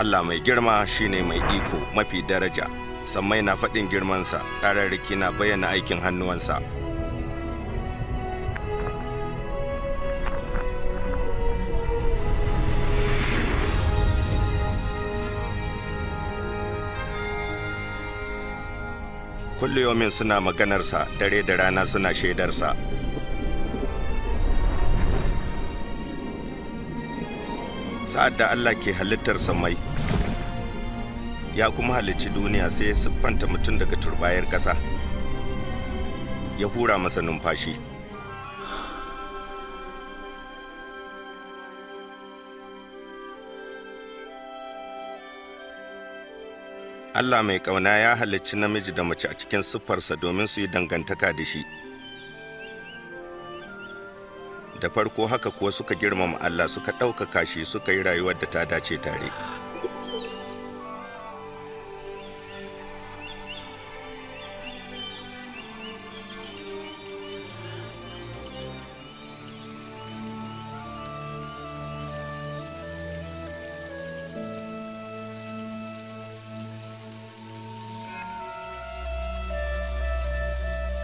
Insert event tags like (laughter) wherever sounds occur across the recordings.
Allah mai girma shine mai iko mafi daraja sammai na faɗin girmansa tsararriki na bayyana aikin hannuwansa kulliyomin suna maganarsa dare da rana suna shaidarsa sa'ad da Allah ke halittar samai ya kuma halicci duniya sai ya siffanta mutum daga turbayar ƙasa ya hura masa numfashi Allah mai ƙauna ya halicci namiji da mace a cikin siffarsa domin su yi dangantaka da shi. da farko haka kuwa suka girmama Allah suka ɗaukaka shi suka yi rayuwar da ta dace tare.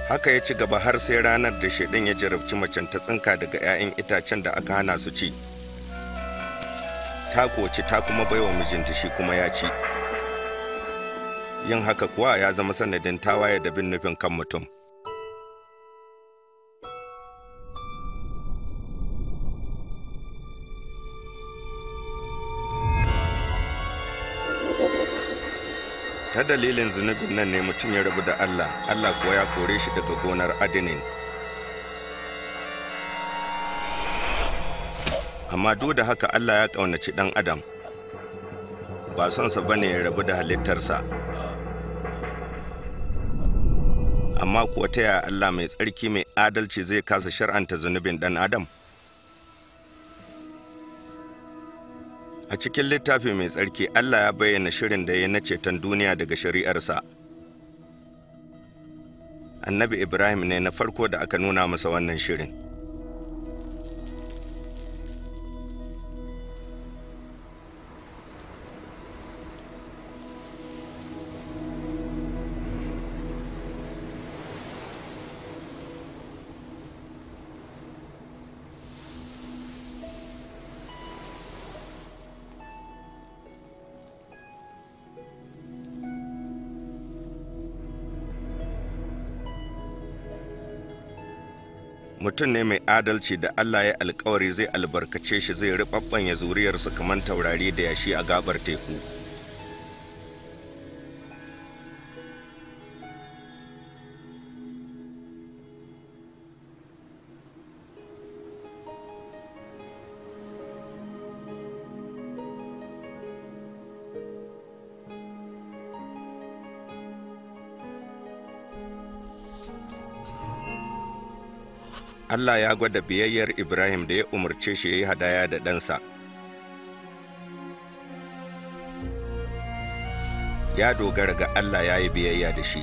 haka ya ci gaba har sai ranar da shaidan ya jarabci macen ta tsinka daga 'ya'yan itacen da aka hana su ci ta koci ta kuma baiwa mijinta shi kuma ya ci yin haka kuwa ya zama sanadin tawaye da bin nufin kan mutum ta dalilin zunubin nan ne mutum ya rabu da Allah Allah kuwa ya kore shi daga gonar adinin amma duk da haka Allah ya ƙaunaci ɗan adam ba sonsa ba ne ya rabu da halittarsa amma kuwa ta yaya Allah mai tsarki mai adalci zai kasa shar'anta zunubin ɗan adam A cikin littafi mai tsarki Allah ya bayyana shirin da ya na ceton duniya daga shari'arsa. Annabi Ibrahim ne na farko da aka nuna masa wannan shirin. mutum ne mai adalci da Allah ya alkawari zai albarkace shi zai riɓaɓɓanya zuriyarsa kamar taurari da yashi a gabar teku. Allah ya gwada biyayyar Ibrahim da ya umarce shi ya yi hadaya da ɗansa. Ya dogara ga Allah ya yi biyayya da shi.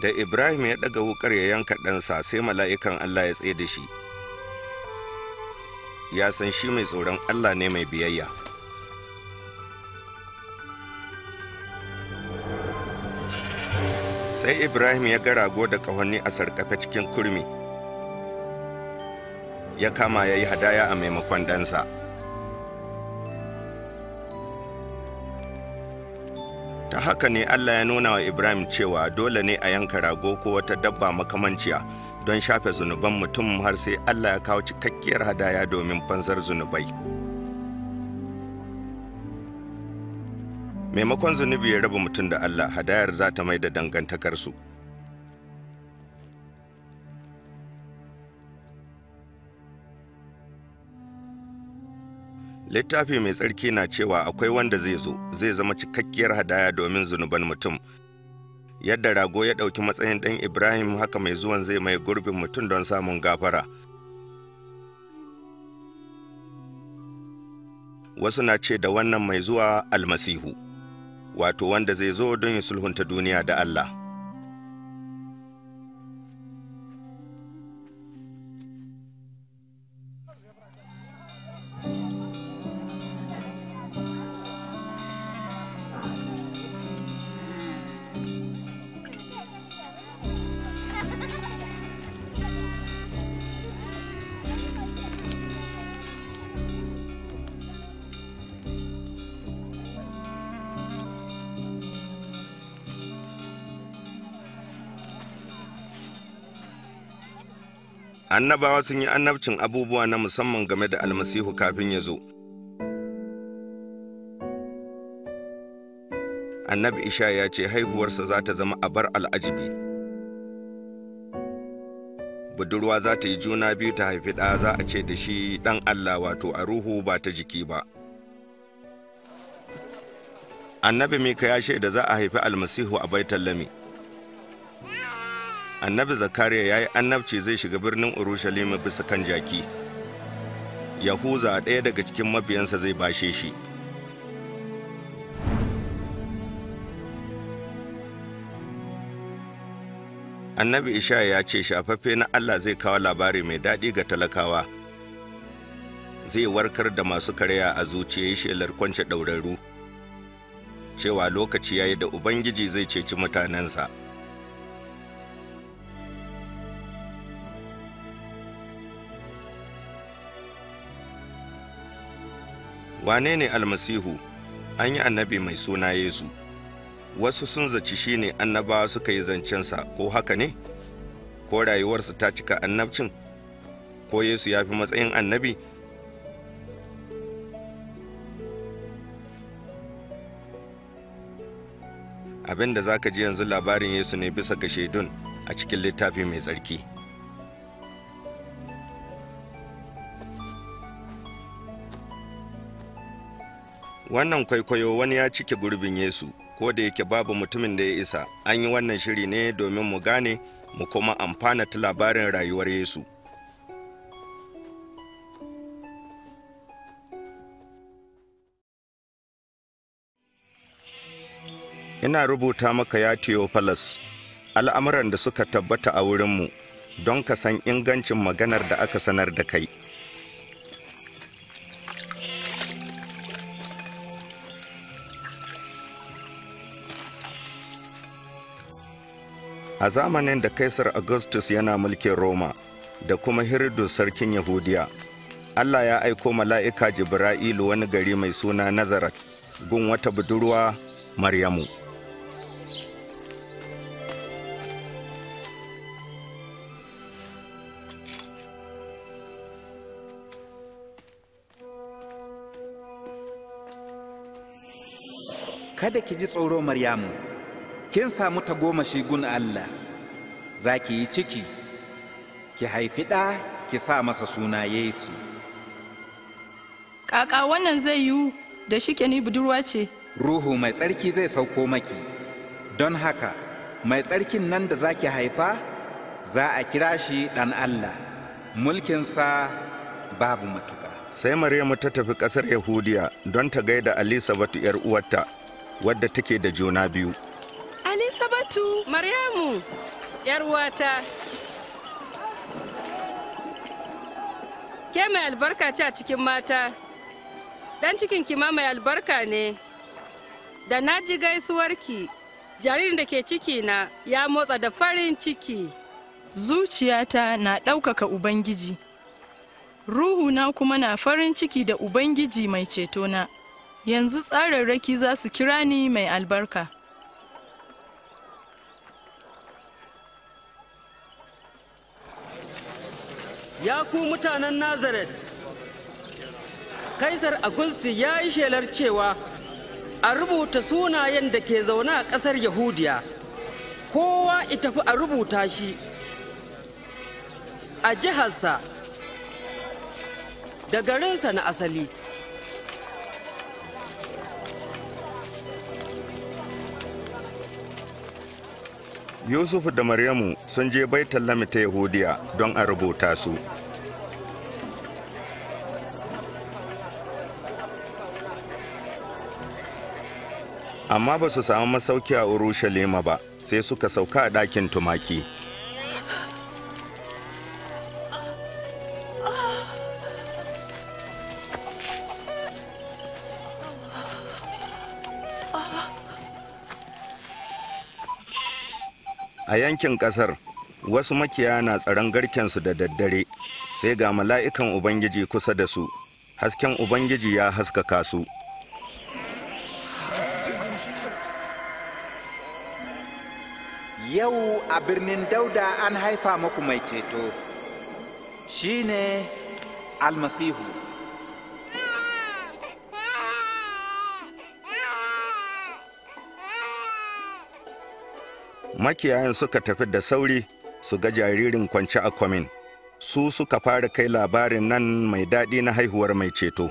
da ibrahim ya ɗaga wukar ya yanka ɗansa sai mala'ikan allah ya tsaye da shi ya san shi mai tsoron allah ne mai biyayya sai ibrahim ya ga rago da ƙahonni a sarƙafe cikin kurmi ya kama ya yi hadaya a maimakon ɗansa. haka ne allah ya nuna wa ibrahim cewa dole ne a yanka rago ko wata dabba makamanciya don shafe zunuban mutum har sai allah ya kawo cikakkiyar hadaya domin banzar zunubai maimakon zunubi ya raba mutum da allah hadayar za ta mai da dangantakarsu littafi mai tsarki na cewa akwai wanda zai zo zai zama cikakkiyar hadaya domin zunuban mutum yadda rago ya ɗauki matsayin ɗan ibrahim haka mai zuwan zai mai gurbin mutum don samun gafara wasu na ce da wannan mai zuwa almasihu wato wanda zai zo don ya sulhunta duniya da allah annabawa sun yi annabcin abubuwa na musamman game da almasihu kafin ya zo annabi isha ya ce haihuwarsa za ta zama bar al'ajibi budurwa za ta yi juna biyu ta haifi ɗa za a ce da shi ɗan allah wato a ruhu ba ta jiki ba annabi mika ya shaida za a haifi almasihu a baitar lami annabi zakariya ya yi annabci zai shiga birnin urushalima bisa kan jaki yahuza ɗaya daga cikin mabiyansa zai bashe shi annabi ishaya ya ce shafaffe na allah zai kawo labari mai daɗi ga talakawa zai warkar da masu karya a zuciya shelar kwance ɗaurarru cewa lokaci ya yi da ubangiji zai ceci mutanensa wane ne almasihu an yi annabi mai suna yesu wasu sun zaci shi ne annabawa suka yi zancensa ko haka ne ko rayuwarsa ta cika annabcin ko yesu ya fi matsayin annabi Abinda da za ka ji yanzu labarin yesu ne bisa ga shaidun a cikin littafi mai tsarki. wannan kwaikwayo wani ya cike gurbin yesu ko da yake babu mutumin da ya isa an yi wannan shiri ne domin mu gane mu kuma amfana ta labarin rayuwar yesu ina rubuta maka ya Theophilus al'amuran da suka tabbata a wurinmu don ka san ingancin maganar da aka sanar da kai a zamanin da kaisar augustus yana mulkin roma da kuma hirdu sarkin yahudiya allah ya aiko mala'ika jibra'ilu wani gari mai suna nazaret gun wata budurwa maryamu kada ki ji tsoro maryamu kin samu ta tagomashi gun Allah za ki yi ciki ki haifi ɗa ki sa masa suna Yesu. Kaka wannan zai yiwu da shike ni budurwa ce. Ruhu mai tsarki zai sauko maki, don haka mai tsarkin nan da za ki haifa za a kira shi ɗan Allah, mulkinsa babu matuƙa. Sai Maryamu ta tafi ƙasar Yahudiya don ta gaida Alisa batu ‘yar uwarta, wadda take da juna biyu. Fatu, Maryamu ‘yar uwata. Ke mai albarka ce a cikin mata, ɗan cikin kima mai albarka ne, da na ji gaisuwarki, jaririn da ke ciki na, ya motsa da farin ciki. Zuciyata na ɗaukaka Ubangiji, ruhuna kuma na farin ciki da Ubangiji mai cetona, yanzu tsararraki za su kira ni mai albarka. ya ku mutanen Nazaret, Kaisar Agusti ya yi shelar cewa a rubuta sunayen da ke zaune a ƙasar Yahudiya, kowa ita fi a rubuta shi a jiharsa da garinsa na asali. yusuf da maryamu sun je baitar ta yahudiya don a rubuta su amma ba su samu masauki a urushalima ba sai suka sauka a ɗakin tumaki a yankin kasar wasu makiya na tsaron garkensu da daddare sai ga mala'ikan ubangiji kusa da su hasken ubangiji ya haskaka su yau a birnin dauda an haifa muku mai ceto shine almasihu makiyayan suka tafi da sauri su ga jaririn kwance a kwamin su suka fara kai labarin nan mai daɗi na haihuwar mai ceto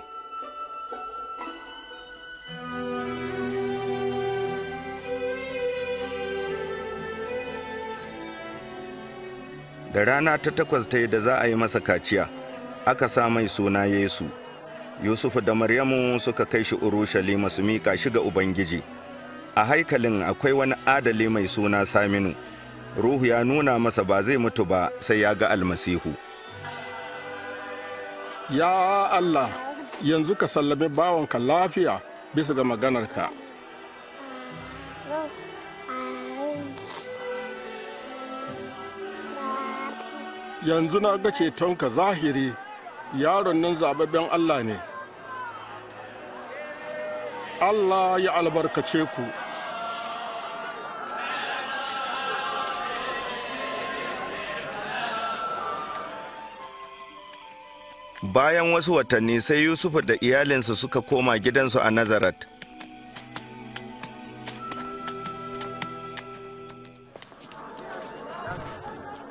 da rana ta takwas ta yi da za a yi masa kaciya aka sa mai suna yesu Yusuf da maryamu suka kai shi urushalima su mika shi ga ubangiji a haikalin akwai wani adali mai suna saminu ruhu ya nuna masa ba zai mutu ba sai ya ga almasihu ya allah yanzu ka sallame bawanka lafiya bisa ga maganarka yanzu na ga cetonka zahiri yaron nan zababben allah ne allah ya albarkace ku bayan wasu watanni sai yusufu da iyalinsa suka koma gidansu a nazaret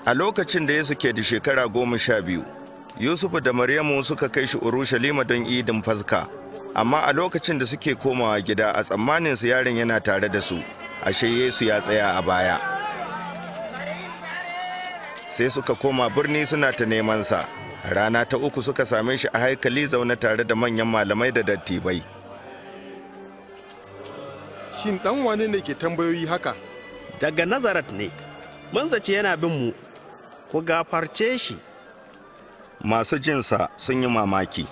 a lokacin da yesu ke da shekara goma sha biyu yusufu da maryamu suka kai shi urushalima don idin faska amma a lokacin da suke komawa gida a tsammanin su yaron yana tare da su ashe yesu ya tsaya a baya sai suka koma birni suna ta nemansa rana ta uku suka same shi a haikali zaune tare da manyan malamai da dattibai shin dan wane ne ke tambayoyi haka daga nazarat ne mun zace yana bin mu ku gafarce shi masu jinsa sun yi mamaki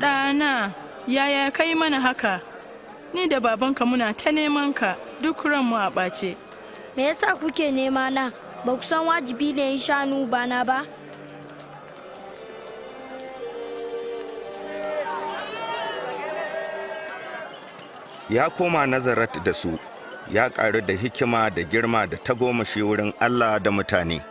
ɗana yaya kai mana haka ni da babanka muna ta neman ka duk ranmu a ɓace me yasa kuke nema na ba ku san wajibi ne yin shanu ba na ba ya koma nazarat da su ya ƙaru da hikima da girma da tagomashi wurin allah da mutane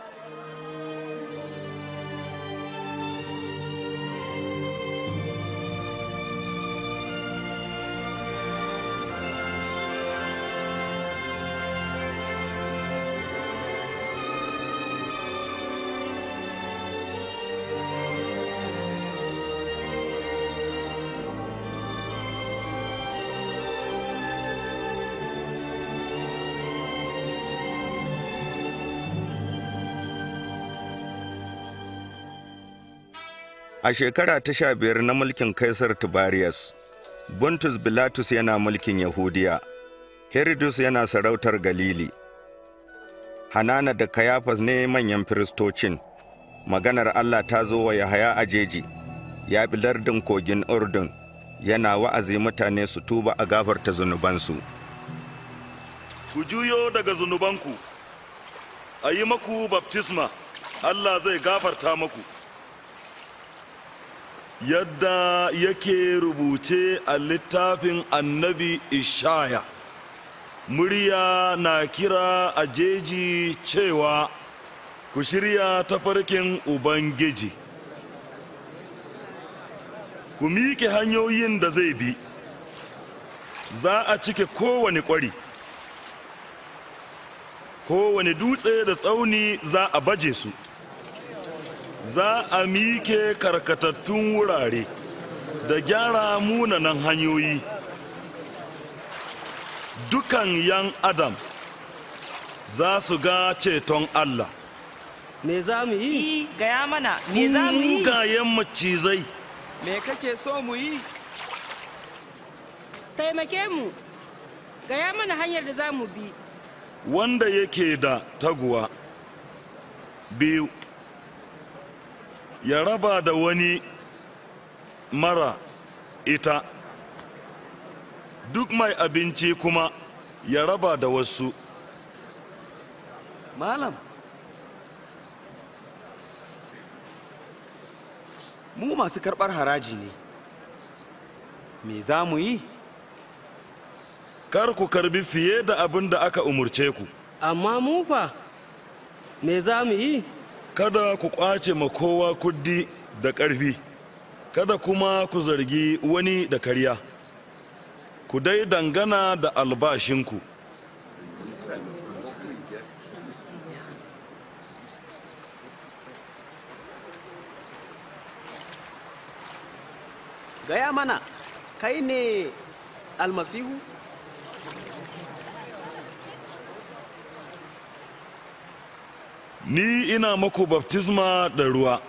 A shekara ta sha biyar na mulkin Kaisar Tibarius, Buntus Bilatus yana mulkin Yahudiya, Herodus yana sarautar Galili. Hanana da Kayafas ne manyan firistocin, maganar Allah ta zo wa Yahaya a jeji, ya bi lardin kogin Urdun, yana wa'azi mutane su tuba a gafarta zunubansu. Ku juyo daga zunubanku, a yi maku baptisma, Allah zai gafarta maku. yadda yake rubuce a littafin annabi ishaya murya na kira a jeji cewa ku shirya tafarkin ubangiji ku miƙe hanyoyin da zai bi za a cike kowane ƙwari kowane dutse da tsauni za a baje su za a mike karkatattun wurare da gyara munanan hanyoyi dukan yan adam za su ga ceton allah me za mu yi gaya mana me za mu yi gayen macizai me kake so mu yi taimake mu gaya mana hanyar da za mu bi wanda yake da taguwa biyu ya raba da wani mara ita duk mai abinci kuma ya raba da wasu malam mu masu karɓar haraji ne me za mu yi kar ku karbi fiye da abin da aka umurce ku amma mu me za mu yi kada ku ƙwace ma kowa kuddi da ƙarfi kada kuma ku zargi wani da karya ku dai dangana da albashinku gaya mana kai ne almasihu ni ina maku baftisma da ruwa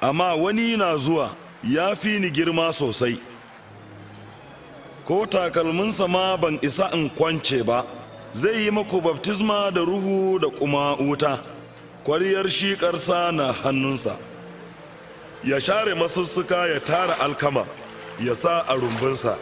amma wani na zuwa ya fi ni girma sosai ko takalminsa ma ban isa in kwance ba zai yi maku baftisma da ruhu da kuma wuta kwariyar shiƙarsa na hannunsa ya share masussuka ya tara alkama ya sa a rumbunsa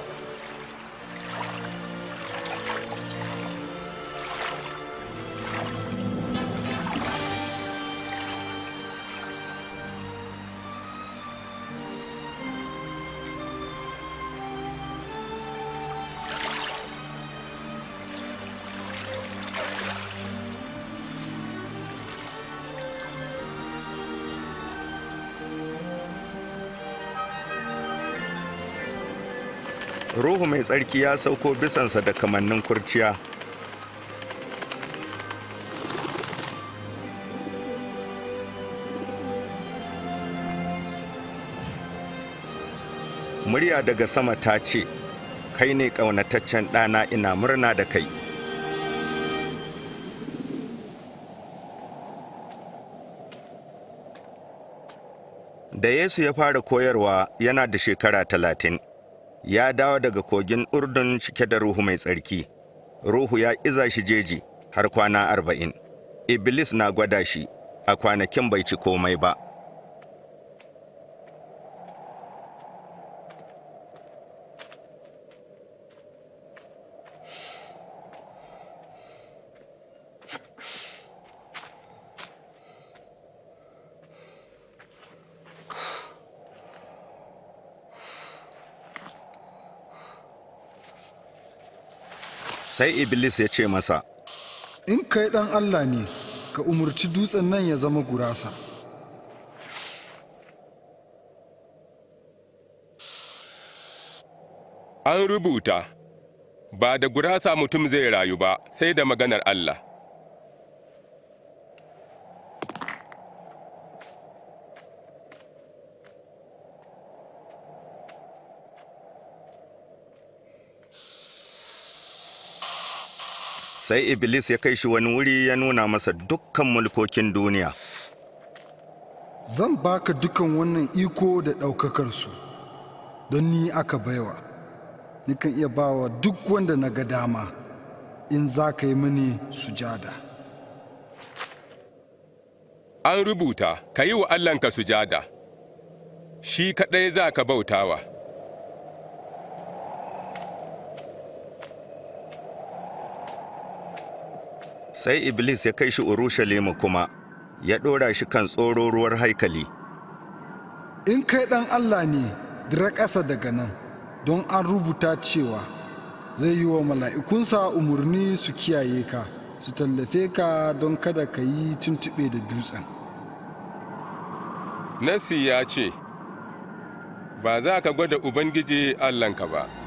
mai tsarki ya sauko bisansa da kamannin kurciya murya daga sama ta ce kai ne ƙaunataccen ɗana ina murna da kai da yesu ya fara koyarwa yana da shekara talatin ya dawo daga kogin urdun cike da ruhu mai tsarki ruhu ya iza shi jeji har kwana arba'in iblis na gwada shi a kwanakin bai ci komai ba sai iblis ya ce masa in kai ɗan allah ne ka umarci dutsen nan ya zama gurasa an rubuta ba da gurasa mutum zai rayu ba sai da maganar allah sai iblis ya kai shi wani wuri ya nuna masa dukkan mulkokin duniya zan baka dukan wannan iko da ɗaukakarsu don ni aka baiwa nikan iya bawa duk wanda na ga dama in za ka yi mini sujada an rubuta ka yi wa allahnka sujada shi kaɗai za ka bautawa sai iblis ya kai shi urushalima kuma ya ɗora shi kan tsororuwar haikali in kai ɗan allah ne dira ƙasa daga nan don an rubuta cewa zai yi wa mala'ikunsa umarni su kiyaye ka su tallafe ka don kada ka yi tuntuɓe da dutsen nasi ya ce ba za ka gwada ubangiji allahnka ba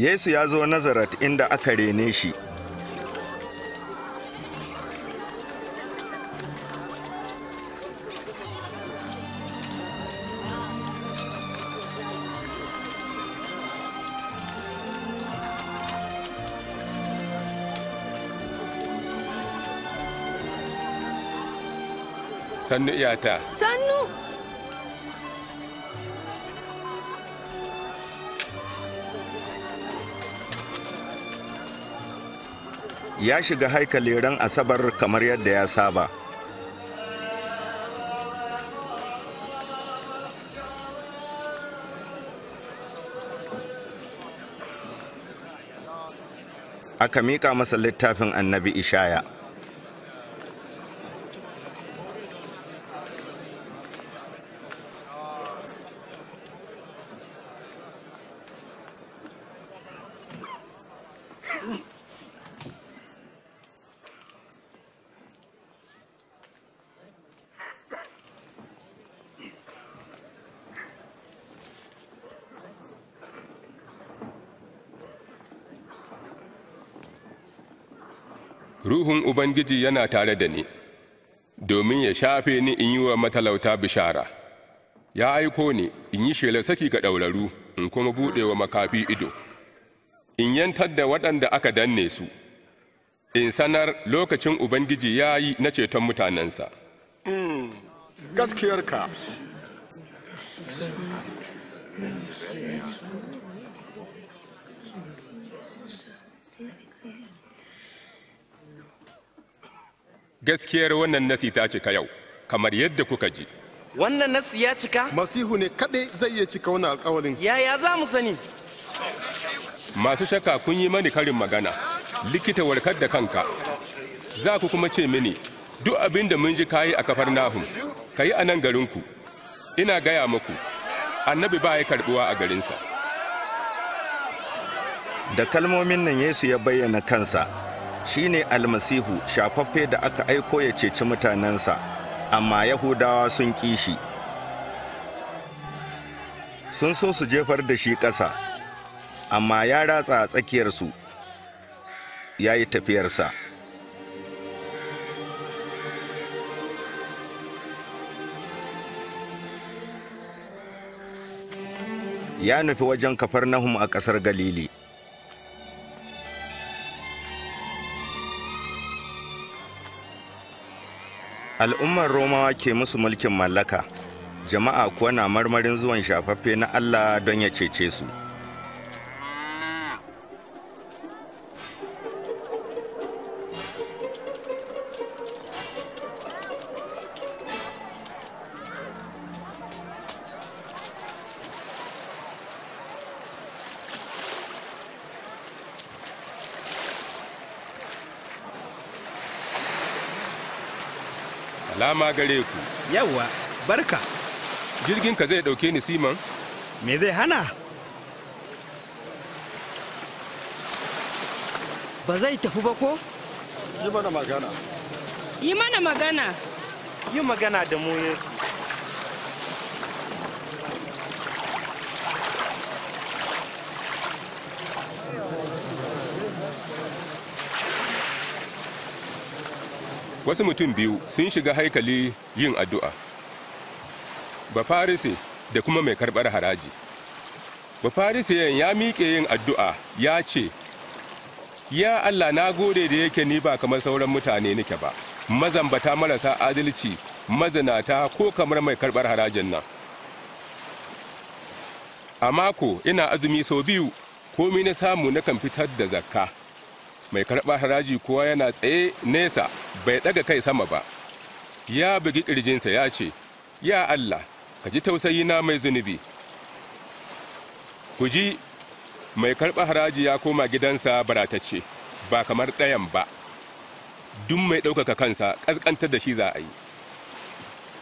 Yesu ya zo Nazaret inda aka rene shi. Sannu iyata. Sannu! ya shiga haikali ran asabar kamar yadda ya saba aka miƙa masa littafin annabi ishaya Ubangiji yana tare da ni, domin ya shafe ni in yi wa matalauta bishara. Ya aiko ni in yi shela saki ga ɗauraru in kuma buɗe wa makafi ido, in yantar da waɗanda aka danne su, in sanar lokacin Ubangiji ya yi na ceton mutanensa. Hmm, gaskiyarka. gaskiyar wannan nasi ta cika yau kamar yadda kuka ji wannan nasi ya cika masihu ne kadai zai iya cika wannan alkawalin yaya za mu sani masu shaka kun yi mani karin magana likita warkar da kanka za ku kuma ce mini duk abin da mun ji kayi a kafar nahum ka yi a nan garinku ina gaya muku annabi ba ya karbuwa a garinsa da kalmomin nan yesu ya bayyana kansa shine almasihu shafaffe da aka aiko ya ceci mutanensa amma yahudawa sun ƙi shi sun so su jefar da shi ƙasa amma ya ratsa a tsakiyarsu ya yi tafiyarsa ya nufi wajen kafar nahum a ƙasar galili al'ummar romawa ke musu mulkin mallaka jama'a kuwa na marmarin zuwan shafaffe na allah don ya cece su ma gare ku. Yawwa, barka. Jirginka zai ɗauke ni Siman? Me zai hana? Ba zai tafi ba ko? Yi mana magana. Yi mana magana. Yi magana da mu Yesu. wasu mutum biyu sun shiga haikali yin addu'a bafarisi da kuma mai karɓar haraji bafarisi ya miƙe yin addu'a ya ce ya allah na gode da yake ni ba kamar sauran mutane nake ba mazambata marasa adalci mazinata ko kamar mai karɓar harajin nan a mako ina azumi sau biyu komi na samu na kan fitar da zakka mai karɓa haraji kuwa yana tsaye nesa bai ɗaga kai sama ba ya bugi ƙirjinsa ya ce ya allah ka ji tausayi na mai zunubi ku ji mai karɓa haraji ya koma gidansa baratacce ba kamar ɗayan ba duk mai ɗaukaka kansa ƙasƙantar da shi za a yi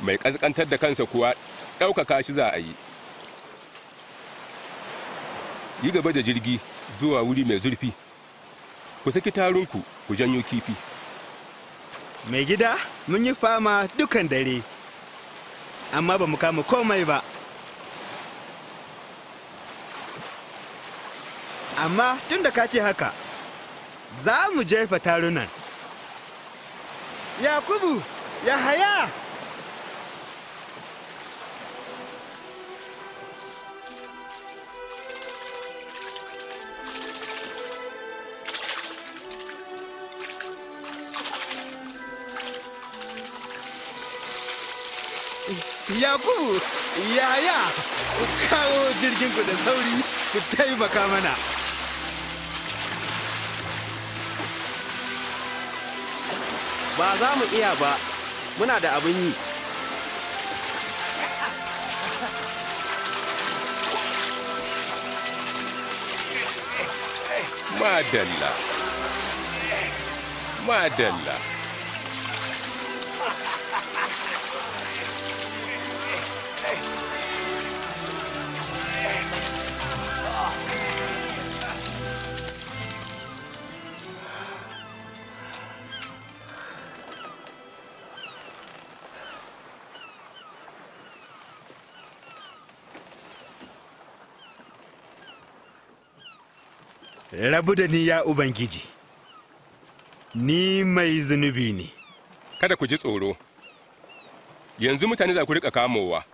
mai ƙasƙantar da kansa kuwa ɗaukaka shi za a yi yi gaba da jirgi zuwa wuri mai zurfi ku saki tarunku ku janyo kifi mai gida mun yi fama dukan dare amma ba mu kama komai ba amma tun da ka ce haka za mu jefa tarunan yakubu ya haya yakubu yaya kawo jirgin ku da sauri ku taimaka mana ba za mu iya ba muna da abin yi madalla madalla rabu da ni ya Ubangiji, ni mai zunubi ne. Kada ku ji tsoro, yanzu mutane za ku riƙa kamowa.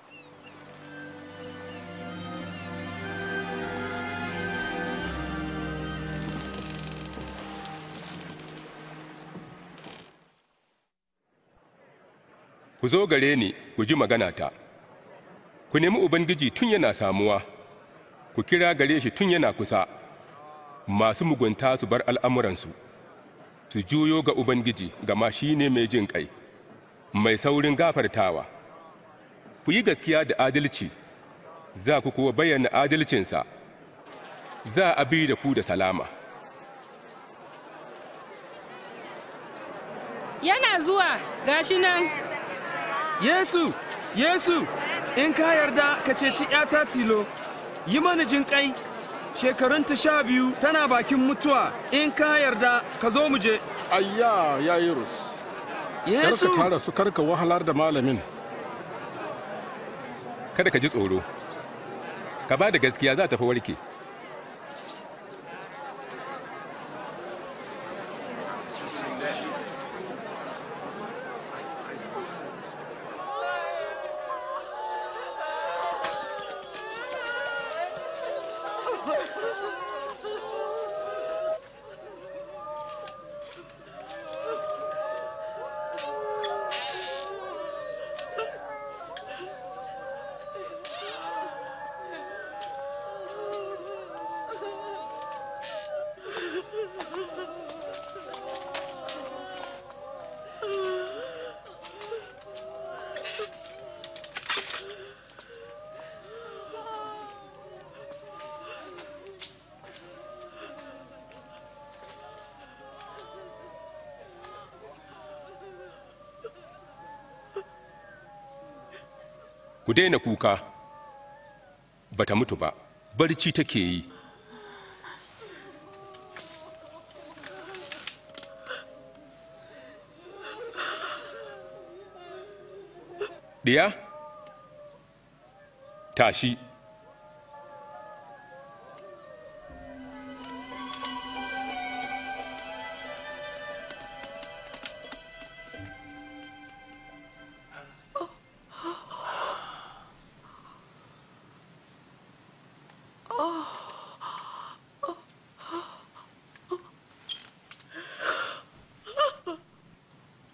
Ku zo gare ni ku ji magana ta. ku nemi Ubangiji tun yana samuwa, ku kira gare shi tun yana kusa. masu mugunta su bar al'amuransu su juyo ga ubangiji gama shi ne mai jin ƙai mai saurin gafartawa ku yi gaskiya da adalci za ku kuwa bayyana adalcinsa za a bi da ku da salama yana zuwa gashi nan yesu yesu in ka yarda ka ceci 'yata tilo yi mana jin ƙai Shekarun ta sha biyu tana bakin mutuwa in ka yarda ka zo mu je ayya yayirus yesu karka tara su karka wahalar da malamin kada ka ji tsoro ka ba da gaskiya za ta fi warke ku daina kuka ba ta mutu ba barci take yi diya tashi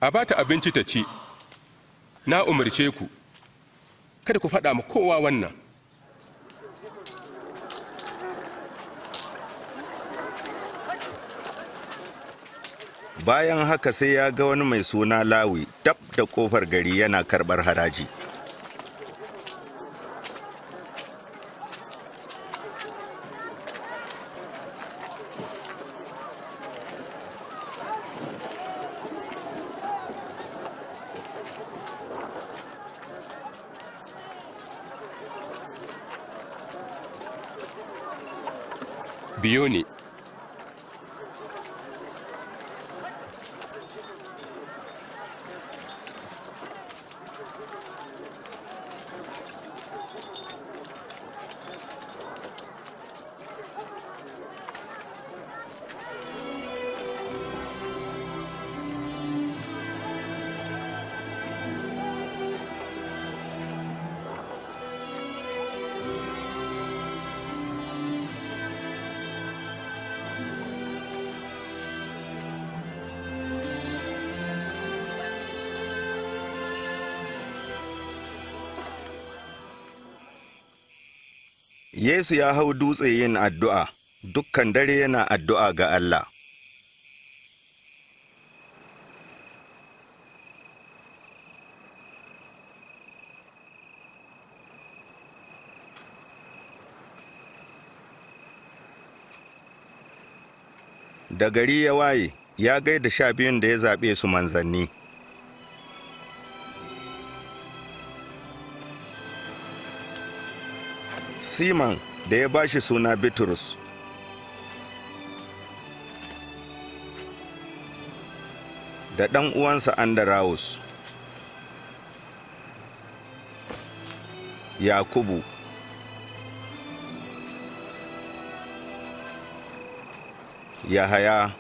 a ba ta abinci ta ci na umarce ku kada ku faɗa ma kowa wannan bayan haka sai ya ga wani mai suna lawi dab da kofar gari yana karɓar haraji Yesu ya hau dutse yin addu'a, dukkan dare yana addu'a ga Allah. Da gari ya waye, ya gaida sha biyun da ya zaɓe su manzanni. Siman da ya ba shi suna bitrus da ɗan uwansa andaraus yakubu yahaya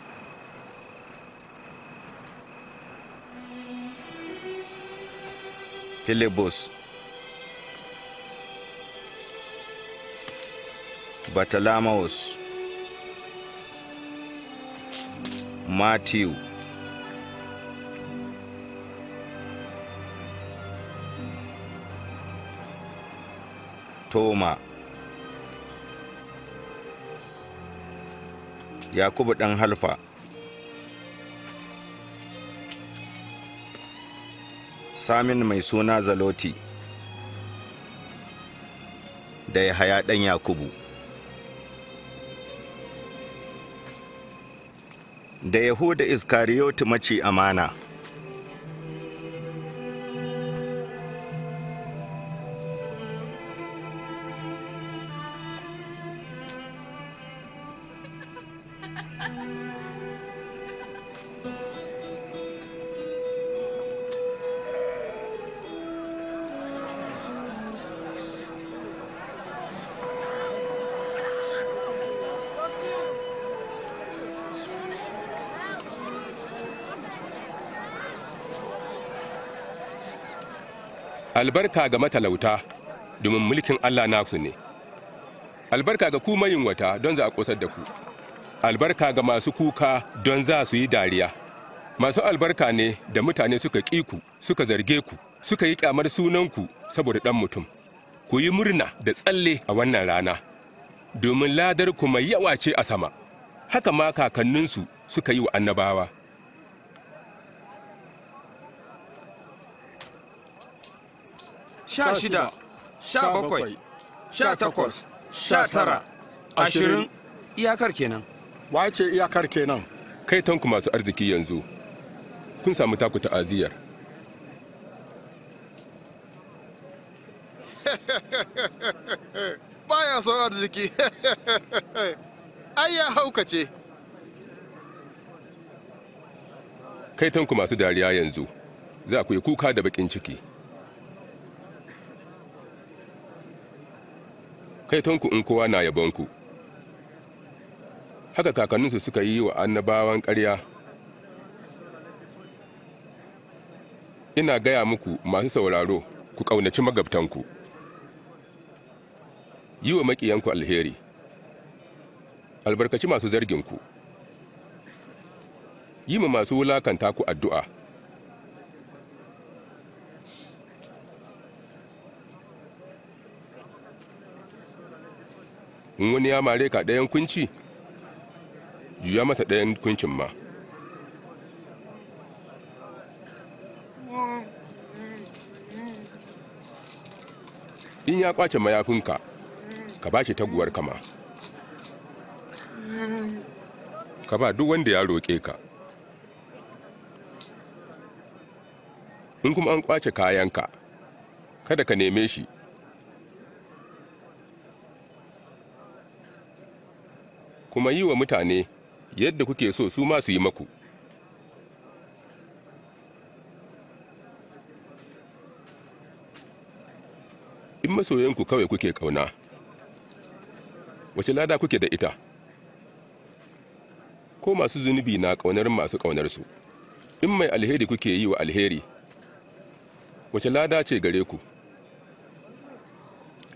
filibus Bartolomeus, Matthew, Toma, Yakubu ɗan Halfa, Samin mai suna Zaloti, da ya haya ɗan Yakubu. da Yahuda Iskariyoti mace amana. albarka ga matalauta domin mulkin Allah nasu ne albarka ga ku wata don za a ƙosar da ku albarka ga masu kuka don za su yi dariya masu albarka ne da mutane suka ƙi ku suka zarge ku suka yi ƙyamar sunanku saboda ɗan mutum ku yi murna da tsalle a wannan rana domin ladar ku mai yawa ce a sama haka ma kakanninsu suka yi wa annabawa sha shida sha bakwai sha takwas sha tara ashirin iyakar kenan wace iyakar kenan kai tanku masu arziki yanzu kun samu taku ta'aziyar (laughs) baya son arziki (laughs) ai ya haukace kai tanku masu dariya yanzu za ku yi kuka da bakin ciki kaitonku in kowa na yabonku haka kakanninsu suka yi wa annabawan ƙarya ina gaya muku masu sauraro ku ƙaunaci magabtanku yi wa maƙiyanku alheri albarkaci masu zarginku yi ma masu wulakanta ku addu'a in wani ya mare ka ɗayan kunci juya masa ɗayan kuncin ma in ya kwace mayafinka ka ba shi taguwar kama ka ba duk wanda ya roƙe ka in kuma an kwace kayanka kada ka neme shi kuma yi wa mutane yadda kuke so su ma su yi maku. In masoyanku kawai kuke ƙauna, wace lada kuke da ita, ko masu zunubi na ƙaunar masu ƙaunarsu, in mai alheri kuke yi wa alheri, wace lada ce gare ku,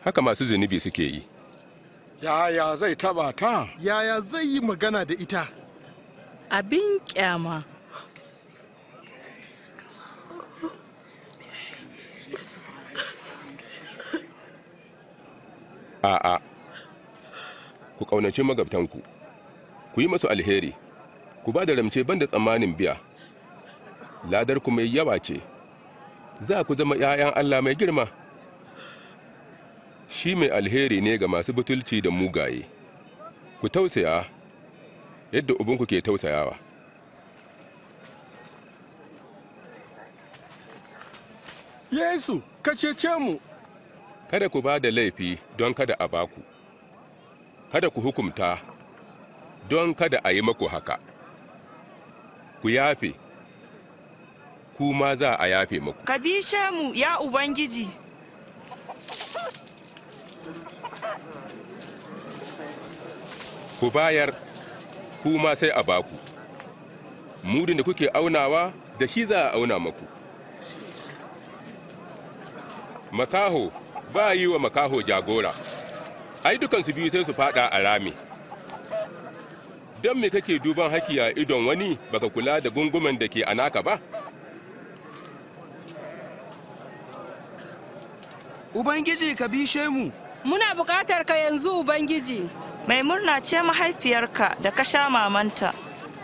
haka masu zunubi suke yi. Yaya zai taba ta? Yaya zai yi magana da ita? Abin kyama. A'a, ku ƙaunaci magabtanku, ku yi masu alheri, ku ba da ramce ban da tsammanin biya, ladar ku mai yawa ce, za ku zama ‘ya'yan Allah mai girma. shi mai alheri ne ga masu butulci da mugaye ku tausaya yadda ubinku ke tausayawa yesu ka cece mu kada ku ba da laifi don kada a baku kada ku hukumta don kada a yi maku haka ku yafe ku ma za a yafe maku ka bishe mu ya ubangiji ku bayar ku ma sai a baku mudin da kuke aunawa da shi za a auna maku makaho ba yi wa makaho jagora ai dukansu biyu sai su fada a rami don me kake duban haki a idon wani baka kula da gungumen da ke a naka ba ubangiji ka bishe mu Muna buƙatar ka yanzu Ubangiji. Mai murna ce mahaifiyarka da ka sha mamanta.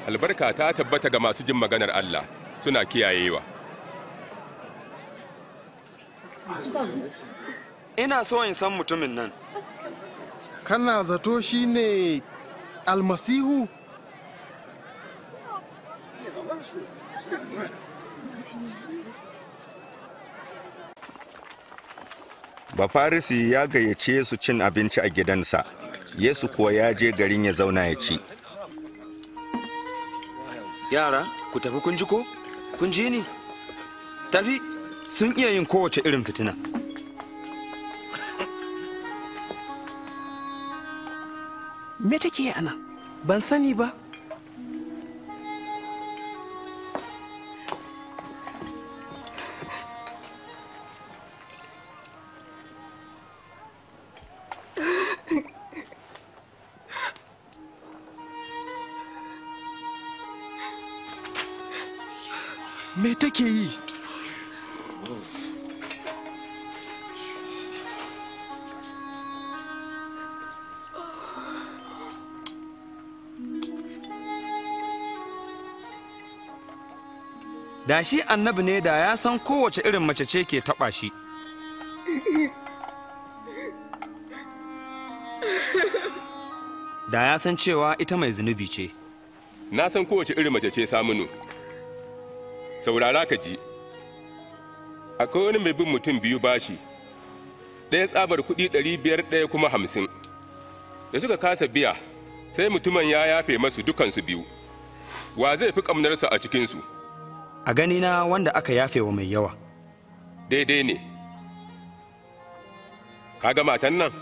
Albarka ta tabbata ga masu jin maganar Allah suna kiyayewa. Ina so in san mutumin nan. Kana zato shi ne almasihu? Bafarisi ya gayyace su cin abinci a gidansa, Yesu kuwa ya je garin ya zauna ya ci. Yara, ku tafi kun ji ko? Kun ji ni? Tafi, sun iya yin kowace irin fitina. Me take yi ana? Ban sani ba. me take yi da shi annabi ne da ya san kowace irin mace ce ke taɓa shi da ya san cewa ita mai zunubi ce na san kowace irin mace ce saminu saurara ka ji akwai wani mai bin mutum biyu bashi ɗaya tsabar kuɗi ɗari biyar ɗaya kuma hamsin da suka kasa biya sai mutumin ya yafe masu dukansu biyu wa zai fi ƙamnarsa a cikinsu a ganina wanda aka yafe wa mai yawa daidai ne Ka ga matan nan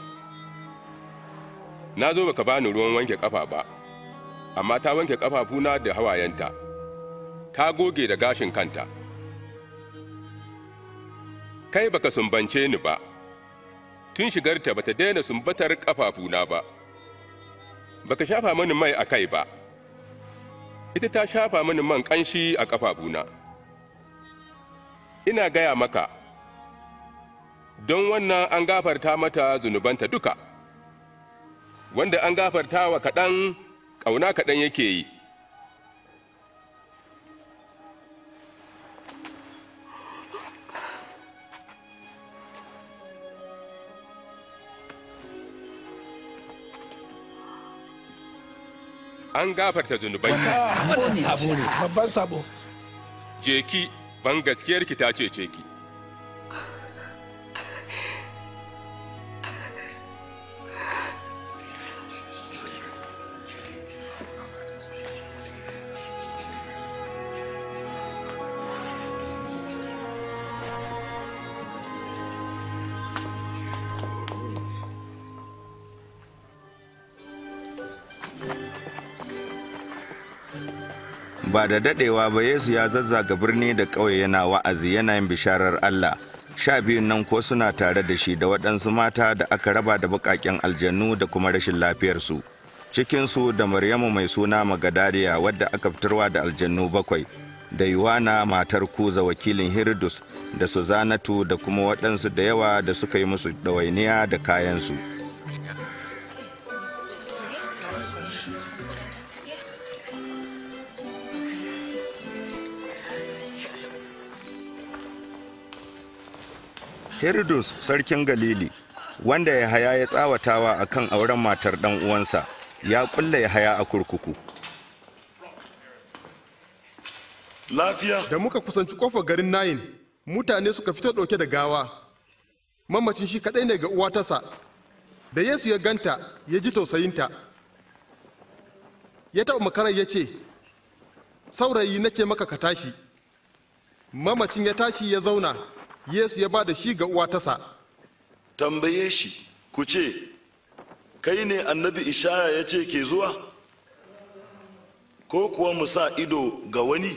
na zo baka bani ruwan wanke ƙafa ba amma ta wanke ƙafafuna da hawayenta ta goge da gashin kanta kai baka sumbance ni ba tun shigarta bata daina sumbatar ƙafafuna ba baka shafa mani mai a kai ba ita ta shafa mani man ƙanshi a ƙafafuna ina gaya maka don wannan an gafarta mata zunubanta duka wanda an gafarta wa kaɗan ƙauna kaɗan yake yi an gafarta zunubai Jeki, sabo ban gaskiyar ki ta ce ki da dadewa ba Yesu ya zazzaga birni da ƙauye yana wa'azi yana yin bisharar Allah. Sha biyun nan ko suna tare da shi da waɗansu mata da aka raba da buƙaƙen aljannu da kuma rashin lafiyarsu. Cikinsu da Maryamu mai suna Magadariya wadda aka fitarwa da aljannu bakwai, da Yohana matar Kuza wakilin Hirdus da Suzanatu da kuma waɗansu da yawa da suka yi musu ɗawainiya da kayansu. herodus sarkin galili wanda ya haya ya tsawatawa a kan auren matar ɗan uwansa ya kulla ya haya a kurkuku lafiya da muka kusanci kofar garin nayin mutane suka fito ɗauke da gawa mamacin shi kaɗai ne ga uwatarsa da yesu ya ganta ya ji tausayinta ya taɓa makarar ya ce saurayi na ce maka ka tashi mamacin ya tashi ya zauna yesu ya ba da shi ga uwa tasa tambaye shi ku ce kai ne annabi ishaya ya ce ke zuwa ko kuwa mu sa ido ga wani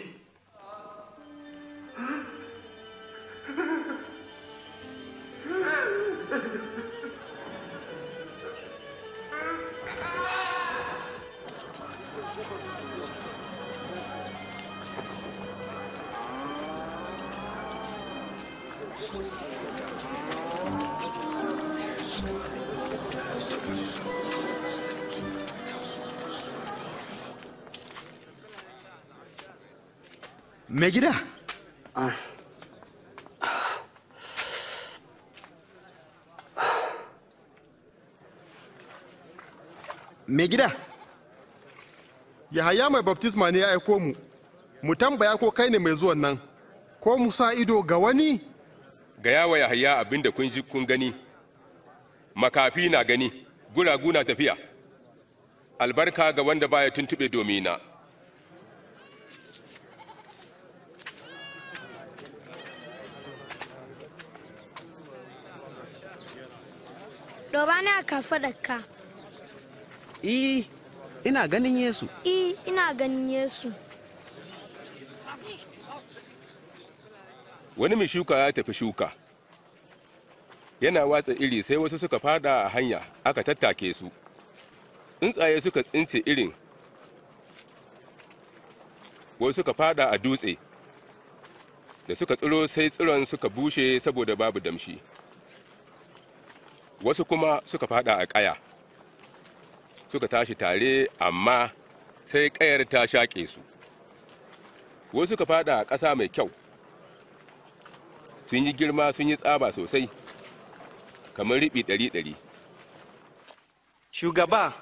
mai gida yahaya mai baptisma ne ya aiko mu mu tambaya ko kai ne mai zuwan nan ko musa ido ga wani ga yawa yahaya abinda da kun ji kun gani makafi na gani guragu na tafiya albarka ga wanda baya tuntube domina Doba faɗa ka. Eh, ina ganin Yesu. Eh, ina ganin Yesu. Wani mai shuka ya tafi shuka. Yana watsa iri sai wasu suka fada a hanya aka tattake su. Tsuntsaye suka tsince irin, wasu suka fada a dutse, da suka tsiro sai tsiron suka bushe saboda babu damshi. wasu kuma suka fada a kaya suka tashi tare amma sai ƙayar ta shaƙe su wasu suka fada a ƙasa mai kyau sun yi girma sun yi tsaba sosai kamar riɓi ɗari-ɗari shugaba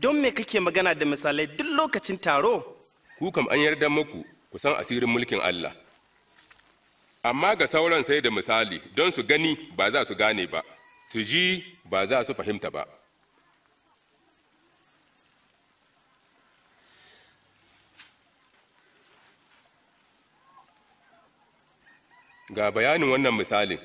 don me kake magana da misalai duk lokacin taro ku kam an yarda muku kusan asirin mulkin allah amma ga sauran sai da misali don su gani ba za su gane ba su ji ba za su fahimta ba ga bayanin wannan misalin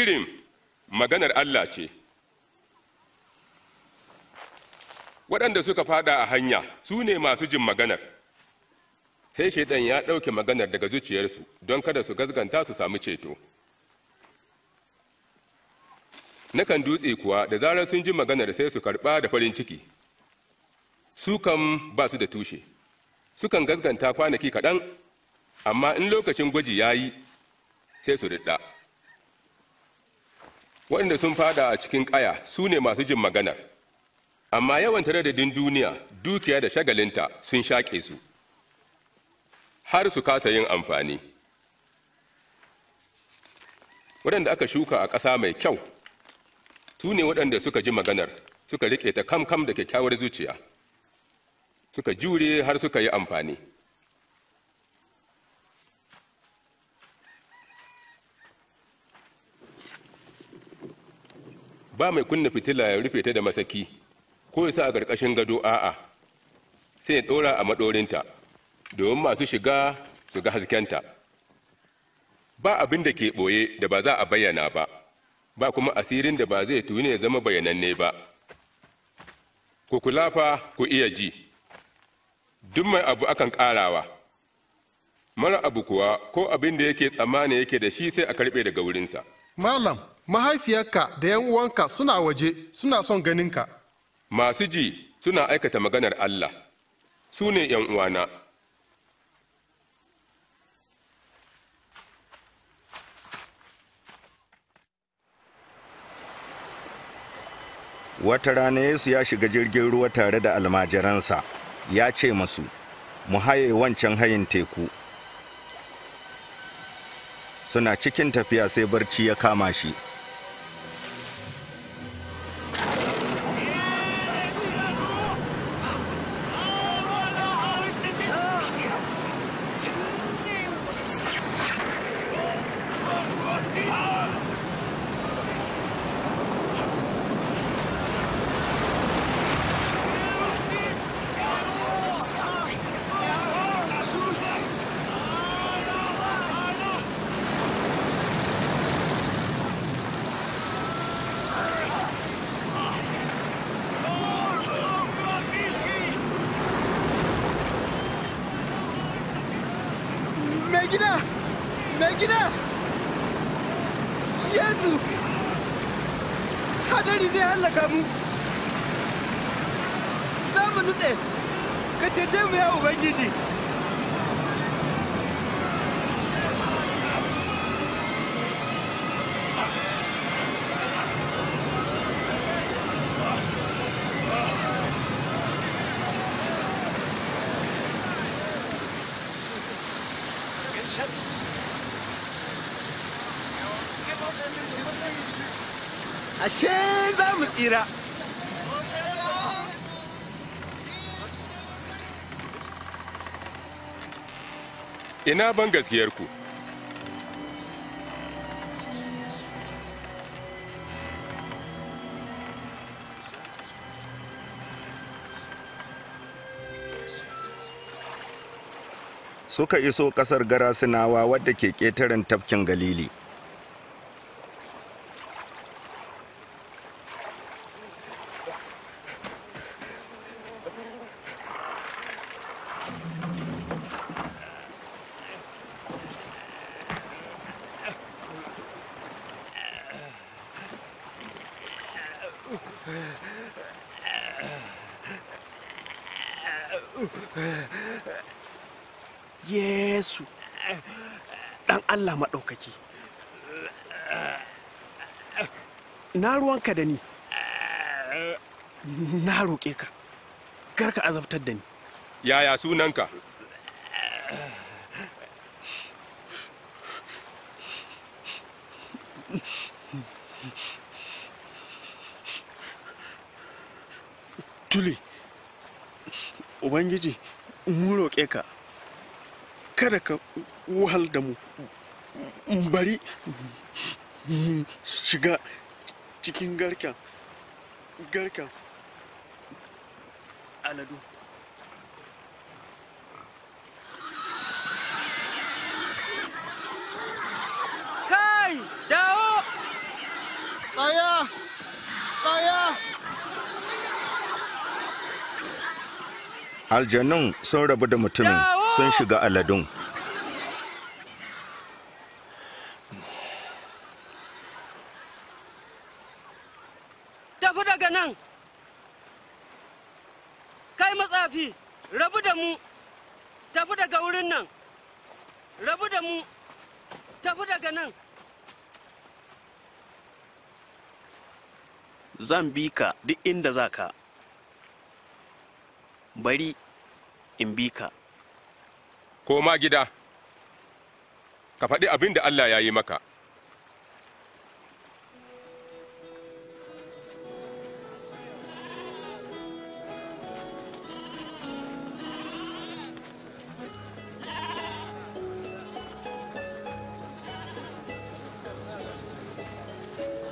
irin maganar Allah ce waɗanda suka fada a hanya su ne masu jin maganar sai shaidan ya ɗauke maganar daga zuciyarsu don kada su gazganta su sami ceto nakan dutse kuwa da zarar sun ji maganar sai su karɓa da farin ciki su kan ba su da tushe sukan gazganta kwanaki kaɗan amma in lokacin gwaji ya yi sai su riɗa waɗanda sun fada a cikin ƙaya su ne masu jin maganar amma yawan tadadin duniya dukiya da shagalinta sun shaƙe su har su kasa yin amfani waɗanda aka shuka a ƙasa mai kyau su ne waɗanda suka ji maganar suka riƙe ta kam-kam da kyakkyawar zuciya suka jure har suka yi amfani ba mai kunna fitila ya rufe ta da masaki ko a ƙarƙashin gado a'a sai ya ɗora a maɗorinta domin masu shiga su ga haskenta ba abin da ke ɓoye da ba za a bayyana ba ba kuma asirin da ba zai tuni ya zama bayyananne ba ku kula fa ku iya ji duk mai abu akan ƙarawa mara abu kuwa ko abin da yake tsammani yake da shi sai a karɓe daga wurinsa malam mahaifiyarka da 'yan uwanka suna waje suna son ganinka masu ji suna aikata maganar Allah su ne uwana. Wata rana Yesu ya shiga jirgin ruwa tare da almajiransa, ya ce masu, Mu haye wancan hayin teku. Suna cikin tafiya sai barci ya kama shi. ina ban gaskiyarku suka iso kasar garasinawa wadda ke ƙetaren tafkin galili na ruwanka da ni na roƙe ka kar azabtar da ni yaya sunanka tuli ubangiji mu roƙe ka kada ka wahal da mu bari shiga cikin garken garken aladu kai dawo tsaya tsaya aljanun sun rabu da mutumin sun shiga aladun zan bi ka duk inda za ka bari in bi ka koma gida ka faɗi abin da allah ya yi maka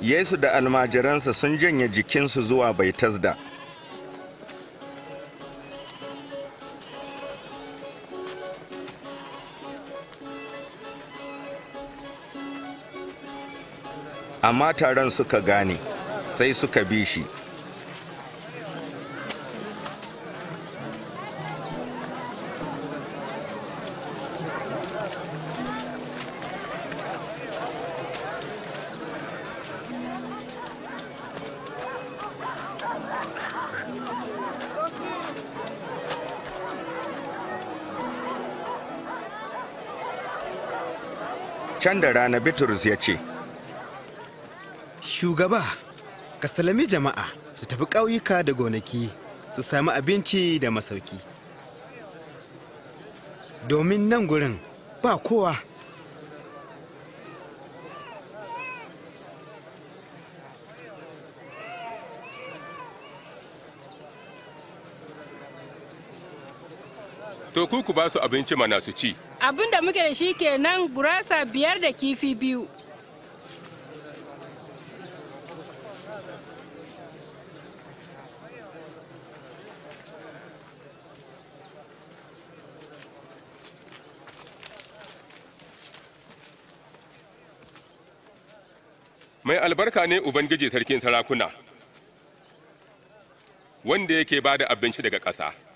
Yesu da almajiransa sun janye jikinsu zuwa tasda. Amma taron suka gane, sai suka bi shi. can da rana bitrus ya ce shugaba ka salami jama'a su tafi ƙauyuka da gonaki su sami abinci da masauki domin nan gurin ba kowa to ku ku ba su abinci mana su ci abin da muke da shi kenan gurasa biyar da kifi biyu mai albarka ne ubangiji sarkin sarakuna wanda yake ba da abinci daga ƙasa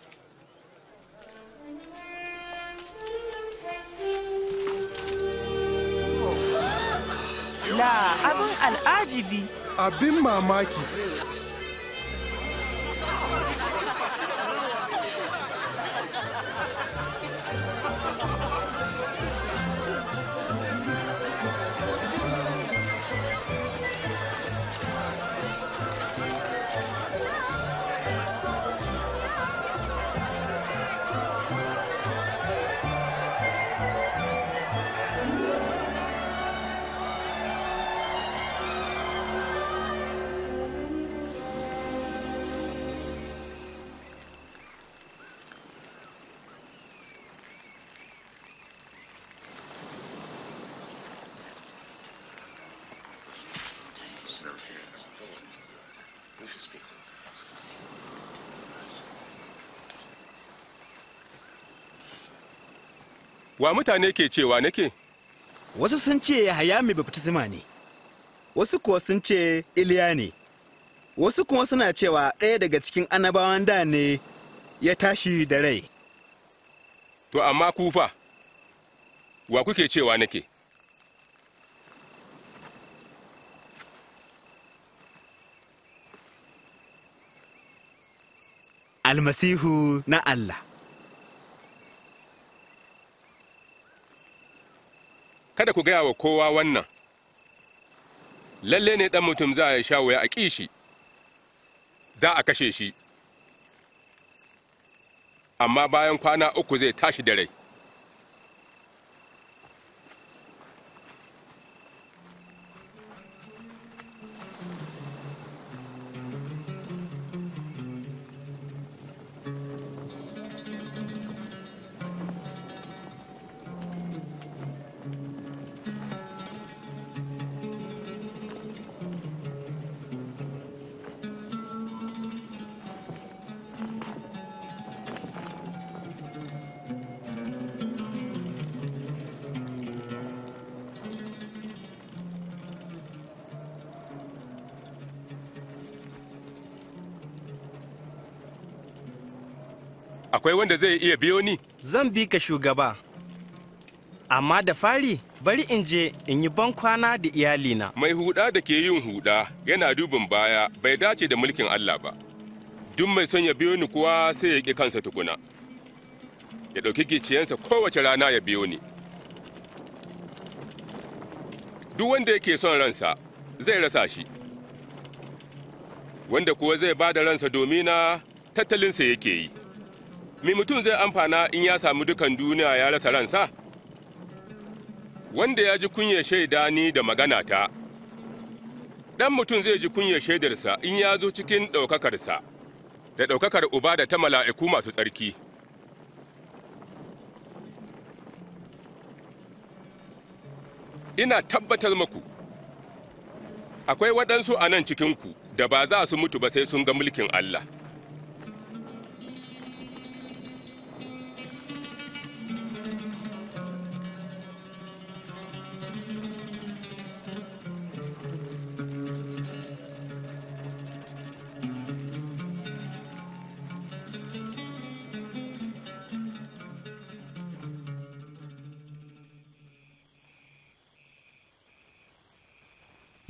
ya abin al'ajibi abin mamaki wa mutane ke cewa nake wasu sun ce yahaya mai baftisma ne wasu kuwa sun ce iliya ne wasu kuma suna cewa ɗaya daga cikin annabawan da ne ya tashi da rai to amma kufa wa kuke cewa nake almasihu na allah kada ku gaya wa kowa wannan lalle ne dan mutum za a sha wuya a kishi za a kashe shi amma bayan kwana uku zai tashi da rai akwai wanda zai iya biyo ni? Zan bi ka shugaba. Amma da fari bari in je in yi ban kwana da iyalina. Mai huda da ke yin huda yana dubin baya bai dace da mulkin Allah ba. Duk mai son ya biyo ni kuwa sai ya ƙi kansa tukuna. Ya ɗauki giciyansa kowace rana ya biyo ni. Duk wanda yake son ransa zai rasa shi. Wanda kuwa zai ba da ransa domina tattalinsa yake yi. Me mutum zai amfana in ya samu dukan duniya ya rasa ransa? Wanda ya ji kunya shaida ni da magana ta, ɗan mutum zai ji kunya shaidarsa in ya zo cikin ɗaukakarsa, da ɗaukakar uba da ta mala'iku masu tsarki. Ina tabbatar maku, akwai waɗansu a nan cikinku da ba za su mutu ba sai sun ga mulkin Allah.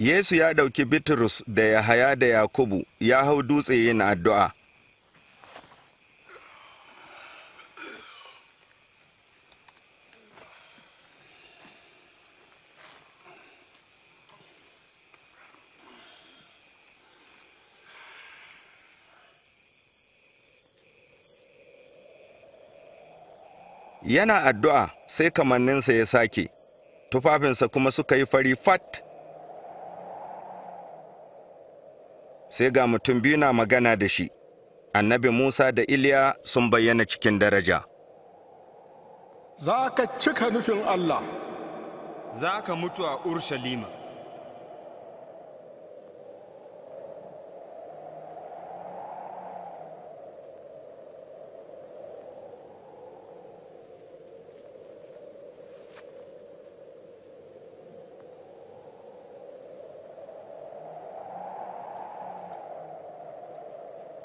Yesu ya ɗauki Bitrus da Yahaya da Yakubu ya hau dutse yin addu'a. Yana addu'a sai kamanninsa ya sake, tufafinsa kuma suka yi fari fat. sai ga mutum biyu na magana da shi annabi musa da iliya sun bayyana cikin daraja za ka cika nufin allah za ka mutu a urshalima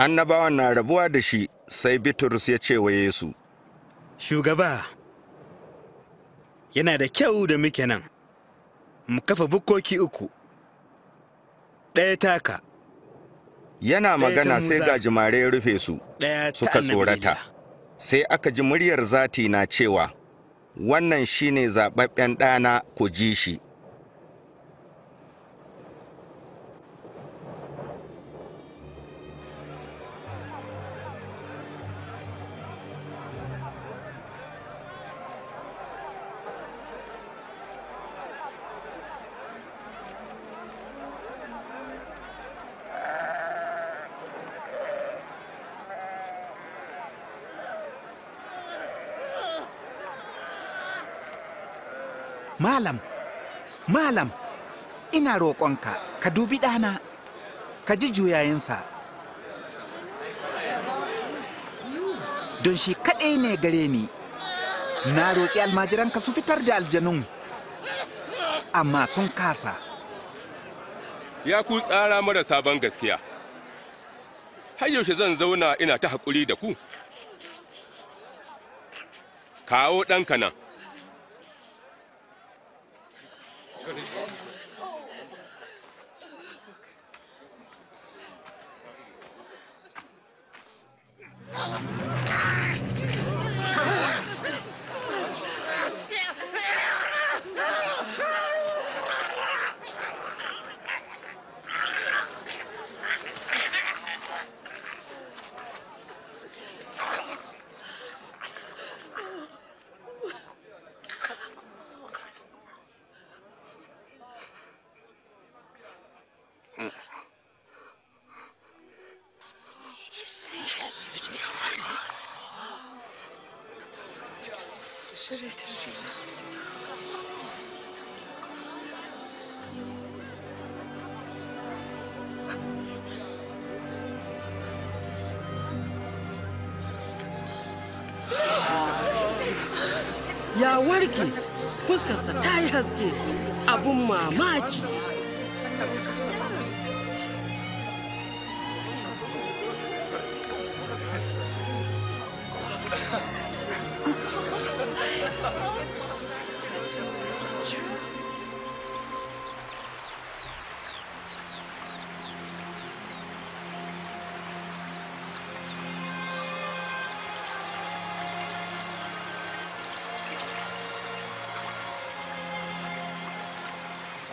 annabawan na rabuwa da shi sai bitrus ya ce wa yesu shugaba yana da kyau da muke nan mu kafa bukkoki uku ɗaya taka yana magana sai ga jimare ya rufe su suka tsorata sai aka ji muryar zati na cewa wannan shine zaɓaɓɓen ɗana ku ji shi malam malam ina roƙonka ka dubi ɗana ka ji juyayinsa don shi kaɗai ne gare ni na roƙi almajiranka su fitar da aljanun amma sun kasa ya ku tsara mara sabon gaskiya har yaushe zan zauna ina ta haƙuri da ku kawo ɗanka nan Come on.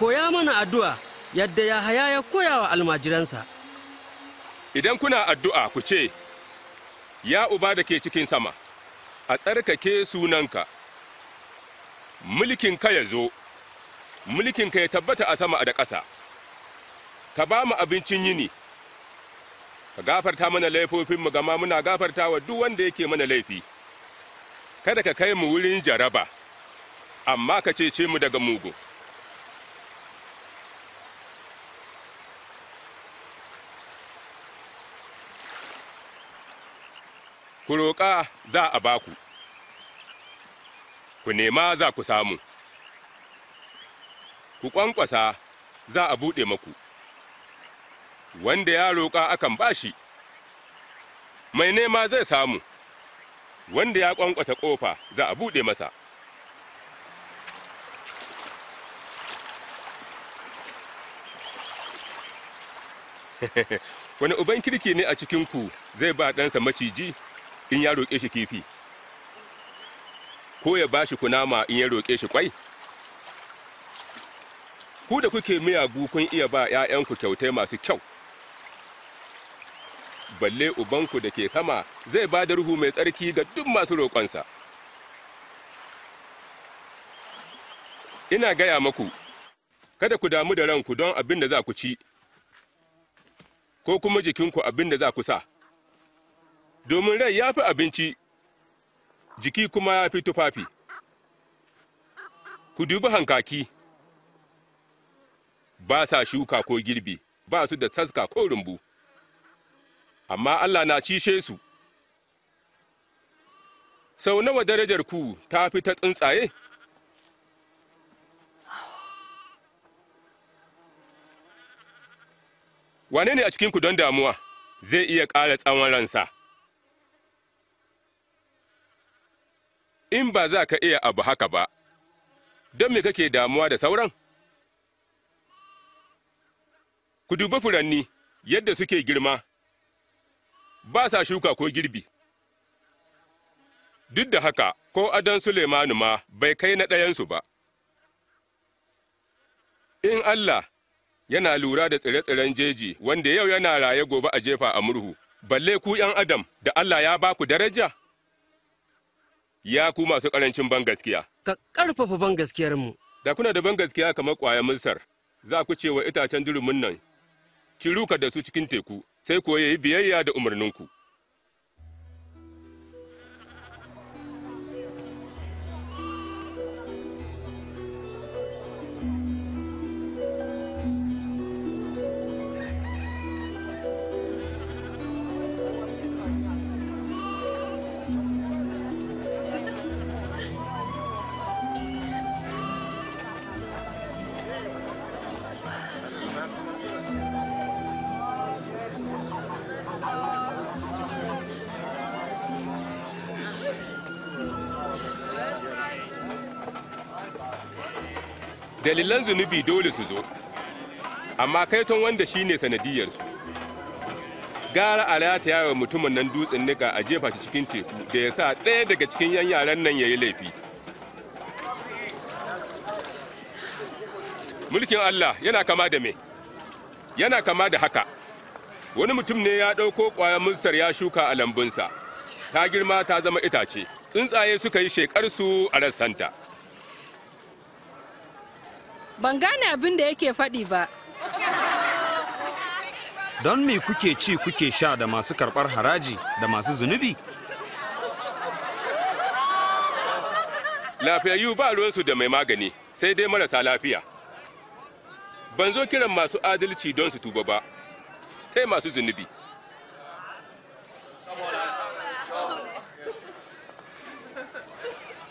koya mana addu'a yadda Yahaya ya koya wa almajiransa. Idan kuna addu'a ku ce, Ya Uba da ke cikin sama, a tsarkake sunanka, mulkinka ya zo, mulkinka ya tabbata a sama a da ƙasa, ka ba mu abincin yini, ka gafarta mana laifofinmu gama muna gafarta wa duk wanda yake mana laifi, kada ka kai mu wurin jaraba, amma ka cece mu daga mugu. ku roƙa za a baku, ku nema za ku samu, ku ƙwanƙwasa za a buɗe maku, wanda ya roƙa akan bashi, mai nema zai samu, wanda ya ƙwanƙwasa ƙofa za a buɗe masa. (laughs) Wani uban kirki ne a cikinku zai ba ɗansa maciji? in ya roƙe shi kifi ko ya ba shi kunama in ya roƙe shi ƙwai? ku da kuke miyagu kun iya ba 'ya'yanku kyautai masu kyau balle ubanku da ke sama zai ba da ruhu mai tsarki ga duk masu roƙonsa ina gaya maku kada ku damu da ranku don abin da za ku ci ko kuma jikinku abin da za ku sa domin rai ya fi abinci, jiki kuma ya fi tufafi. Ku dubi hankaki, ba sa shuka ko girbi, ba su da saska ko rumbu, amma Allah na cishe su. Sau nawa darajar ku ta fi ta tsuntsaye? Wane ne a cikinku don damuwa zai iya ƙara tsawon ransa? in ba za ka iya abu haka ba, don me kake damuwa da sauran? Ku duba furanni yadda suke girma, ba sa shuka ko girbi. Duk da haka, ko adon Suleimanu ma bai kai na ɗayansu ba. In Allah yana lura da tsire-tsiren jeji wanda yau yana raye gobe a jefa a murhu, balle ku ’yan Adam da Allah ya ba ku daraja? ya ku masu ƙarancin ban gaskiya. Ka ƙarfafa ban gaskiyar mu. Da kuna da ban gaskiya kamar ƙwayar musar, za ku ce wa itacen durumin nan, ki ruka da su cikin teku, sai kuwa ya yi biyayya da umarninku. dalilan zunubi dole su zo amma kaiton wanda shine sanadiyarsu gara a rataya wa mutumin nan dutsen nika a jefa shi cikin teku da ya sa ɗaya daga cikin yan yaren nan ya yi laifi mulkin allah yana kama da me yana kama da haka wani mutum ne ya ɗauko ƙwayar mustar ya shuka a lambunsa ta girma ta zama itace tsuntsaye suka yi shekarsu a rassanta Ban gane abin da yake faɗi ba. Don me kuke ci kuke sha da masu karɓar haraji da masu zunubi? Lafiyayyu ba ruwansu da mai magani, sai dai marasa lafiya. Ban zo kiran masu adalci don su tuba ba, sai masu zunubi.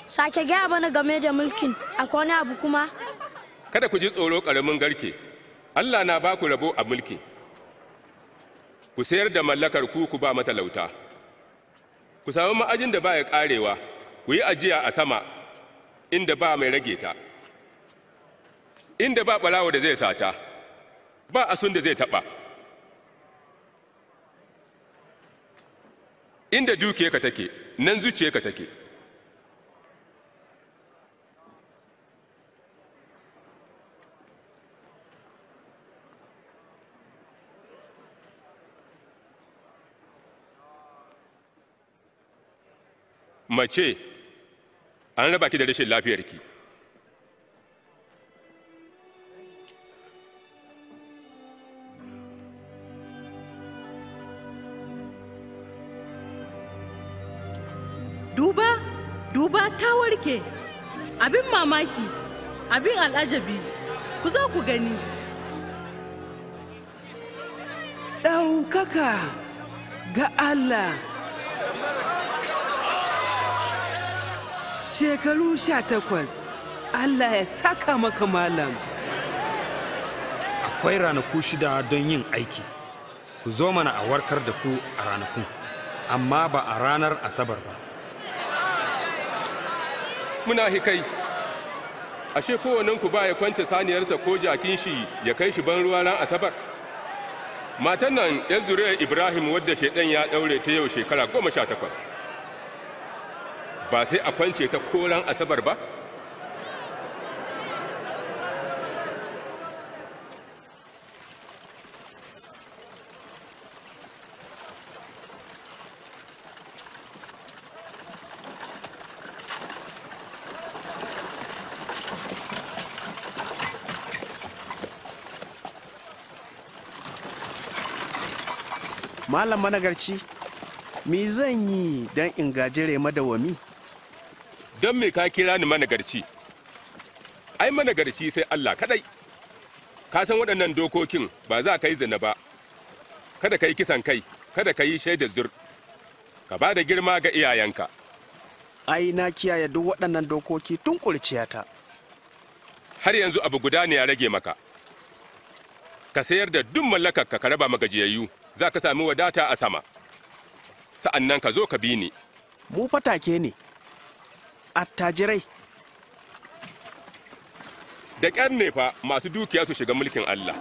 Sake gaya bana game da mulkin, akwai wani abu kuma? kada ku ji tsoro ƙaramin garke allah na ba ku rabo a mulki ku sayar da mallakar ku ku ba matalauta ku sami ma'ajin da ba ya ƙarewa ku yi ajiya a sama inda ba mai rage ta inda ba ɓarawa da zai sata ba asun da zai taɓa inda ka take nan zuciyarka take mace an raba ki da rashin lafiyarki duba duba ta warke abin mamaki abin al'ajabi ku zo ku gani ɗaukaka ga Allah shekaru sha takwas allah ya saka maka malam akwai ranaku shida don yin aiki ku zo mana a warkar da ku a ranaku. amma ba a ranar asabar ba muna hikai ashe ku ba ya kwance saniyarsa ko jakin shi ya kai shi ban ruwa ran asabar matan nan yan zuriyar ibrahim wadda shaidan ya daure ta yau shekara goma sha takwas ba sai a kwance ta koran asabar ba malam managarci me zan yi don in gajire madawami don me ka kira ni managarci ai managarci sai Allah kadai ka san waɗannan dokokin ba za ka yi zina ba kada ka yi kisan kai kada ka yi shaidar zur ka ba da girma ga iyayenka ai na kiyaye duk waɗannan dokoki tun kurciyata har yanzu abu guda ne ya rage maka ka sayar da duk mallakar ka raba magajiyayyu za ka sami wadata a sama Sa'annan ka zo ka bi ni mu fatake ne attajirai da ƙyar ne fa masu dukiya su shiga mulkin Allah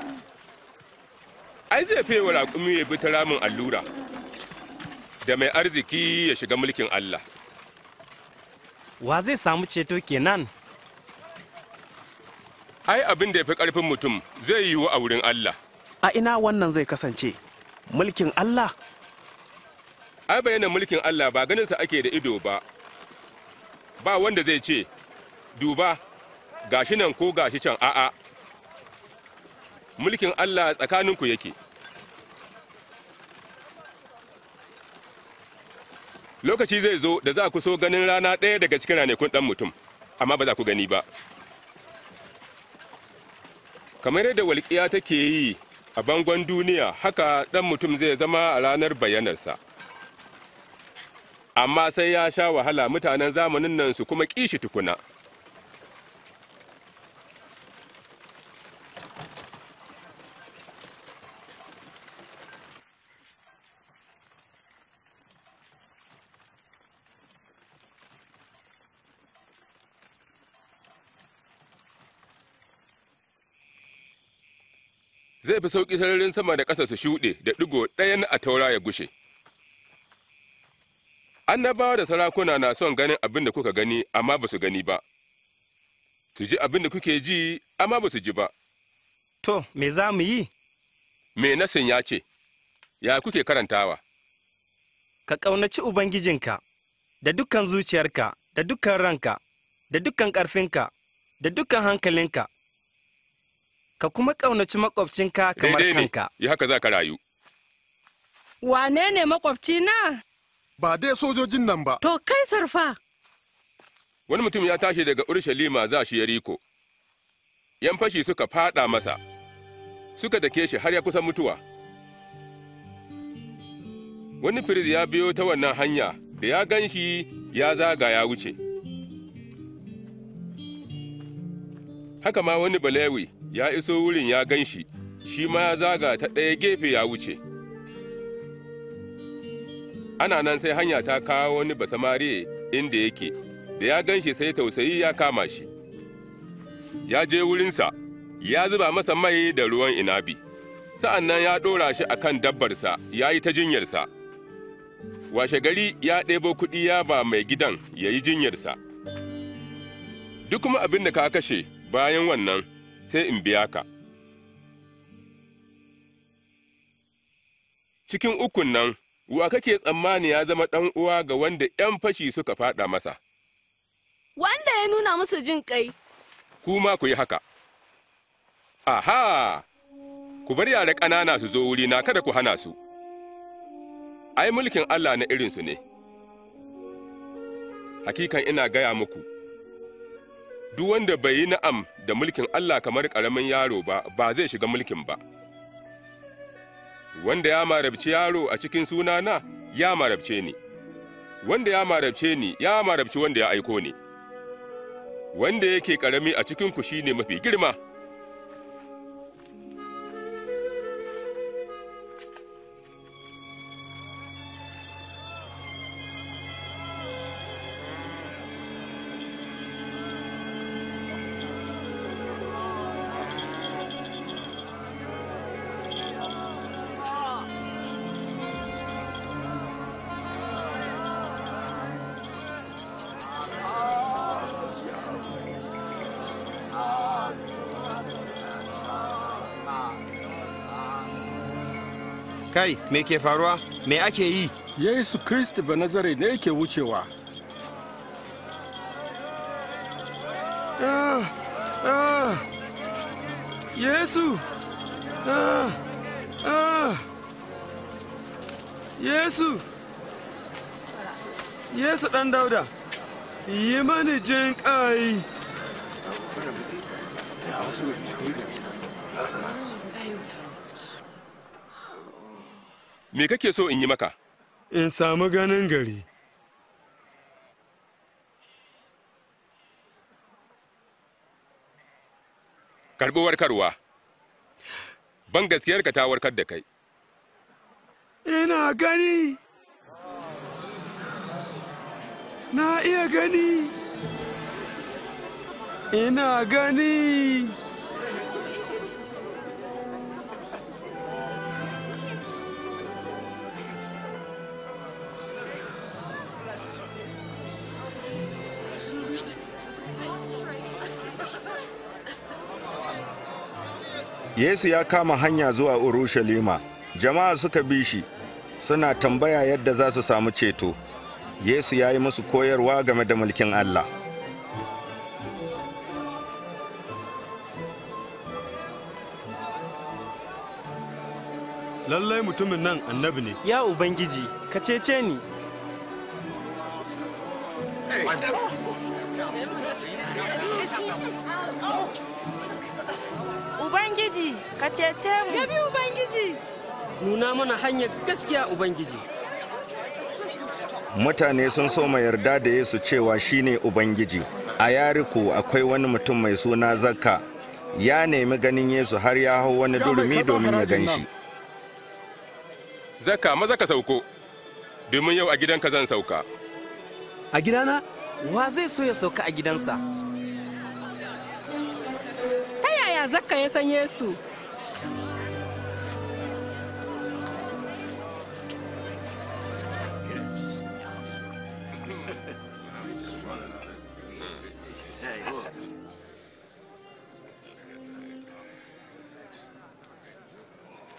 ai zai fi wa raƙumi ya bi ta ramin allura da mai arziki ya shiga mulkin Allah wa zai samu ceto kenan ai abin da ya fi ƙarfin mutum zai yiwu a wurin Allah a ina wannan zai kasance mulkin Allah ai bayanan mulkin Allah ba ganin ganinsa ake da ido ba ba wanda zai ce duba gashi nan ko gashi can a'a mulkin Allah tsakaninku yake lokaci zai zo da za ku so ganin rana ɗaya daga cikin ranakun ɗan mutum amma ba za ku gani ba kamar yadda walƙiya take yi a bangon duniya haka ɗan mutum zai zama a ranar bayanarsa. amma sai ya sha wahala mutanen zamanin nan su kuma kishi tukuna zai fi sauƙi sararin sama da ƙasa su shuɗe da ɗigo ɗayan a taura ya gushe. annabawa da sarakuna na son ganin abin da kuka gani amma ba su gani ba su ji abin da kuke ji amma ba su ji ba to me za mu yi me nasin ya ce ya kuke karantawa ka ƙaunaci ubangijinka da dukkan zuciyarka da dukkan ranka da dukkan ƙarfinka da dukkan hankalinka ka kuma ƙaunaci maƙwabcinka kamar kanka yi haka za ka rayu wane ne na ba dai sojojin nan ba. To kai sarfa. Wani mutum ya tashi daga Urshalima za shi ya riko Yan fashi suka fada masa, suka dake shi har ya kusa mutuwa. Wani firiz ya biyo ta wannan hanya da ya gan shi ya zaga ya wuce. Haka ma wani balewi ya iso wurin ya gan shi, shi ma ya zaga ta ɗaya gefe ya wuce. ana nan sai hanya ta kawo wani basamariye inda yake da ya gan shi sai tausayi ya kama shi ya je wurinsa ya zuba masa mai da ruwan inabi sa'an nan ya ɗora shi a kan dabbarsa ya yi ta jinyarsa washe gari ya ɗebo kuɗi ya ba mai gidan ya yi jinyarsa duk kuma abin da ka kashe bayan wannan sai in biya ka cikin ukun nan wa kake tsammani ya zama ɗan uwa ga wanda ‘yan fashi suka faɗa masa? Wanda ya nuna musu jin kai Kuma ku yi haka. Aha! Ku bar yara ƙanana su zo na kada ku hana su. Ai mulkin Allah na irinsu ne. Hakikan ina gaya muku, duk wanda bai yi na'am da mulkin Allah kamar ƙaramin yaro ba, ba zai shiga mulkin ba. wanda ya marabci yaro a cikin sunana ya marabce ni, wanda ya marabce ni ya marabci wanda ya aiko ni, wanda yake ƙarami a cikinku shi ne mafi girma. Kai, me ke faruwa? Me ake yi? Yesu Kristi ba nazare ne yake wucewa. Ah, ah. Ah, Yesu! Yesu! Yesu dan dauda, yi mani jin ƙai. Me kake so in yi maka? In samu ganin gari. Karɓi warkarwa. Ban gaskiyarka ta warkar da kai. Ina gani. Na iya gani. Ina gani. Yesu ya kama hanya zuwa Urushalima, jama'a suka bi shi, suna tambaya yadda za su samu ceto. Yesu ya yi musu koyarwa game da mulkin Allah. Lallai mutumin nan annabi ne. Ya Ubangiji, ka cece ni. Ubangiji, ka cece mu. Yabi Ubangiji. Nuna mana hanyar gaskiya Ubangiji. Mutane sun so mai yarda da Yesu cewa shi ne Ubangiji. A Yariko akwai wani mutum mai suna Zakka. Ya nemi ganin Yesu har ya hau wani durumi domin ya gan shi. Zakka maza ka sauko, domin yau a gidanka zan sauka. A gidana? Wa zai so ya sauka a gidansa? ya zakka ya san yesu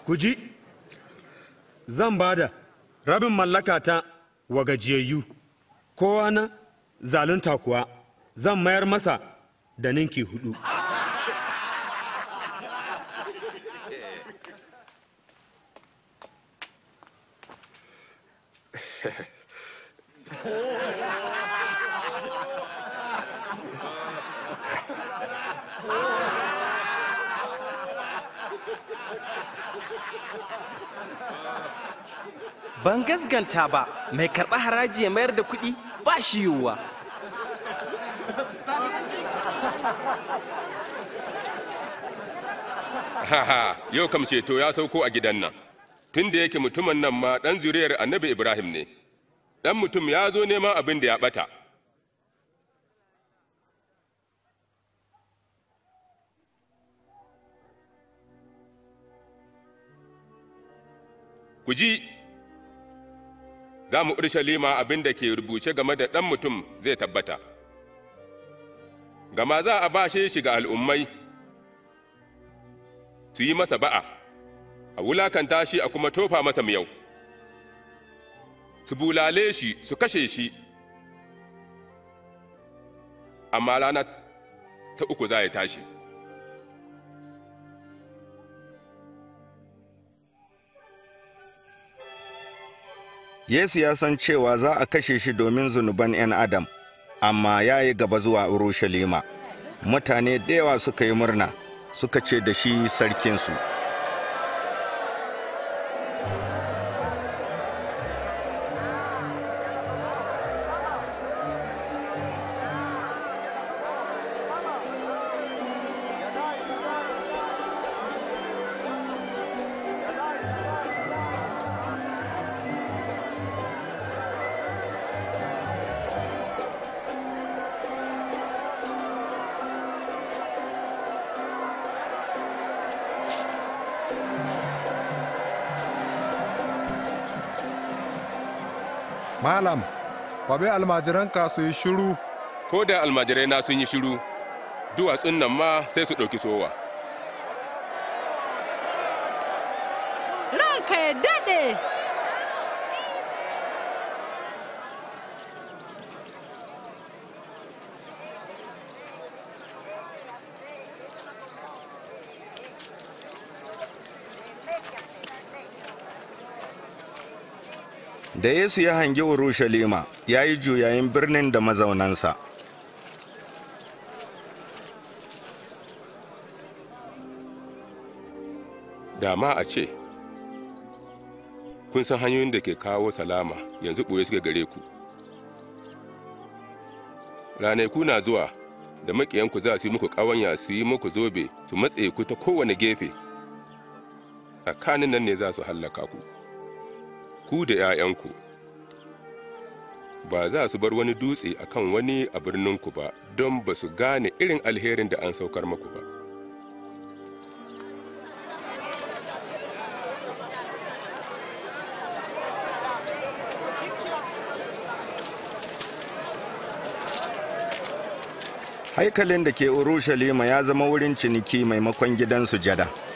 ku ji zan ba da rabin mallakata wa gajiyayyu kowa na zalunta kuwa zan mayar masa da ninki hudu. Ban gasganta ba mai karɓa haraji ya mayar da kuɗi ba shi yiwuwa. Ha ha, Yau kamce to ya sauko a gidan nan. tun da yake mutumin nan ma ɗan zuriyar annabi Ibrahim ne, ɗan mutum ya zo neman abin da ya ɓata. Ku ji, za mu Urshalima abin da ke rubuce game da ɗan mutum zai tabbata, gama za a bashe shi ga al'ummai su yi masa ba'a. a wulakanta shi a kuma tofa masa miyau, su bulale shi su kashe shi, amma rana ta uku za a tashi. Yesu ya san cewa za a kashe shi domin zunuban ‘yan Adam, amma ya yi gaba zuwa Urushalima. Mutane da yawa suka yi murna, suka ce da shi sarkinsu. kwabe almajiranka su yi shiru ko da almajirai na sun yi shiru duwatsun nan ma sai su ɗauki sowa ranka ya daɗe da Yesu ya hangi Urushalima ya yi juyayin birnin da mazaunansa. Dama a ce, kun san hanyoyin da ke kawo salama yanzu ɓoye suke gare ku. Ranaku na zuwa da maƙiyanku za su yi muku ƙawanya su yi muku zobe su matse ku ta kowane gefe, tsakanin nan ne za su hallaka ku. ku da ’ya'yanku ba za su bar wani dutse a kan wani a birninku ba don ba su gane irin alherin da an saukar maku ba haikalin da ke urushalima ya zama wurin ciniki maimakon gidan sujada. jada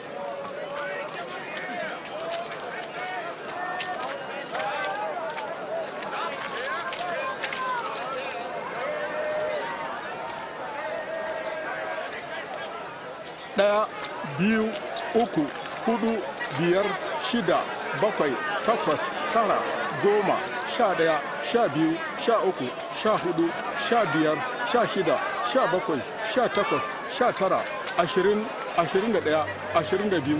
shida bakwai takwas tara goma sha ɗaya sha biyu sha uku sha hudu sha biyar sha shida sha bakwai sha takwas sha tara ashirin ashirin da ɗaya ashirin da biyu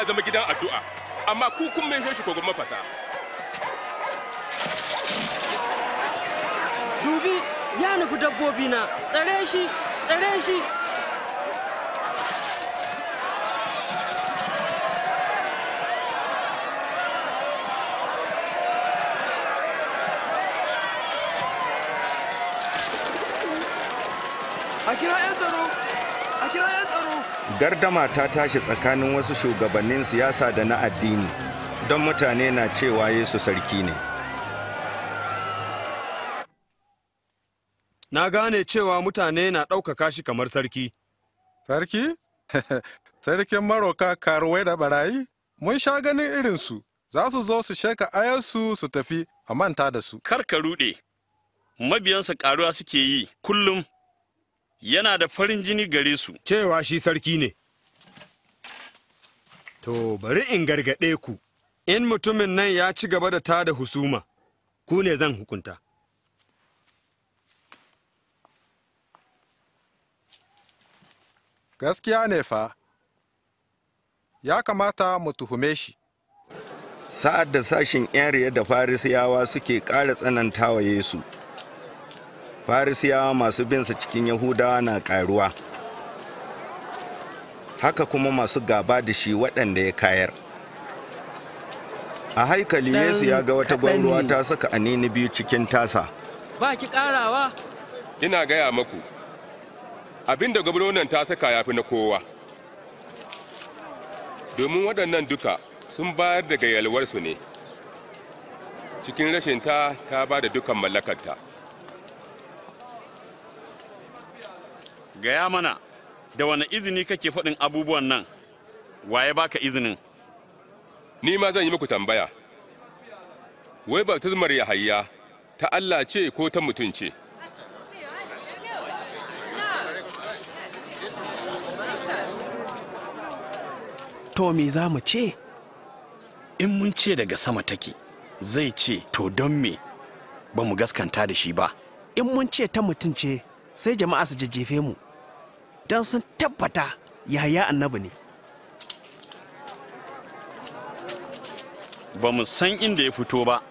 ya zama gidan addu'a amma ku kun mai shi kogon mafasa dubi ya nufi dabbobi na tsare shi tsare shi gardama ta tashi tsakanin wasu shugabannin siyasa da na addini don mutane na cewa yesu sarki ne na gane cewa mutane na ɗaukaka shi kamar sarki sarki (laughs) sarkin maroka karuwai da barayi mun sha ganin irinsu za su zo su sheka ayarsu su tafi a manta da su kar ka ruɗe mabiyansa karuwa suke yi kullum yana da farin jini gare su. Cewa shi sarki ne. To, bari in gargaɗe ku, in mutumin nan ya ci gaba da ta da husuma, ku ne zan hukunta. Gaskiya ne fa, ya kamata mu tuhume shi. Sa'ad da sashin 'yan da Farisiyawa suke ƙara tsanantawa Yesu. farisiyawa masu binsa cikin yahudawa na karuwa haka kuma masu gaba da shi waɗanda ya kayar a haikali yesu ya ga wata gwamnuwa ta saka anini biyu cikin tasa ba ki karawa ina gaya maku Abinda da gwamnonin ta saka ya fi na kowa domin waɗannan duka sun bayar daga yalwarsu ne cikin rashin ta ta ba da dukan mallakarta gaya mana da wani izini kake faɗin abubuwan nan waye baka izinin ni ma zan yi muku tambaya wai baptismar yahayya ta Allah ce ko ta mutum ce to me za mu ce in mun ce daga sama take zai ce to don me ba mu gaskanta da shi ba in mun ce ta mutum ce sai jama'a su jajjefe mu don sun tabbata yahaya annabi ne ba mu san inda ya fito ba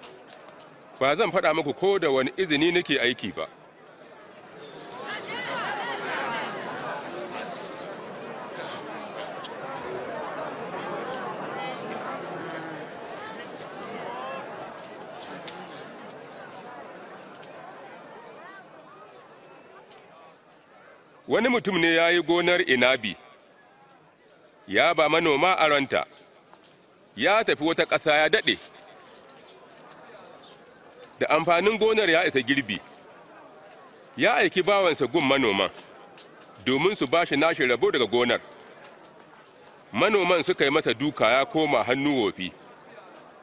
ba zan faɗa muku ko da wani izini nake aiki ba wani mutum ne ya yi gonar inabi ya ba manoma a ranta, ya tafi wata ƙasa ya daɗe da amfanin gonar ya isa girbi ya aiki bawansa gun manoma domin su ba shi nashi rabo daga gonar manoman suka yi masa duka ya koma hannu wofi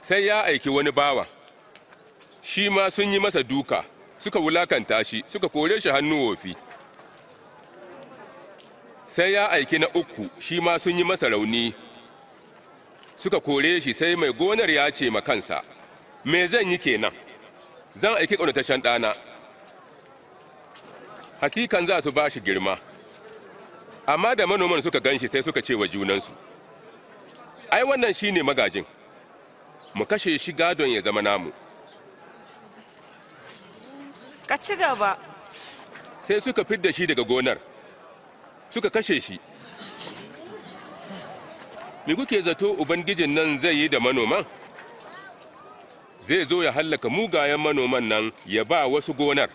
sai ya aiki wani bawa shi ma sun yi masa duka suka wulakanta shi suka kore shi hannu wofi sai ya aiki na uku shi ma sun yi masa rauni suka kore shi sai mai gonar ya ce ma kansa me zan yi kenan zan aiki ƙaunatashen ɗana hakikan za su ba shi girma amma da manoman suka gan shi sai suka ce wa junansu ai wannan shi ne magajin mu kashe shi gadon ya zama namu ka ci gaba sai suka fidda shi daga gonar suka kashe shi me kuke zato ubangijin nan zai yi da manoman zai zo ya hallaka mugayen manoman nan ya ba wasu gonar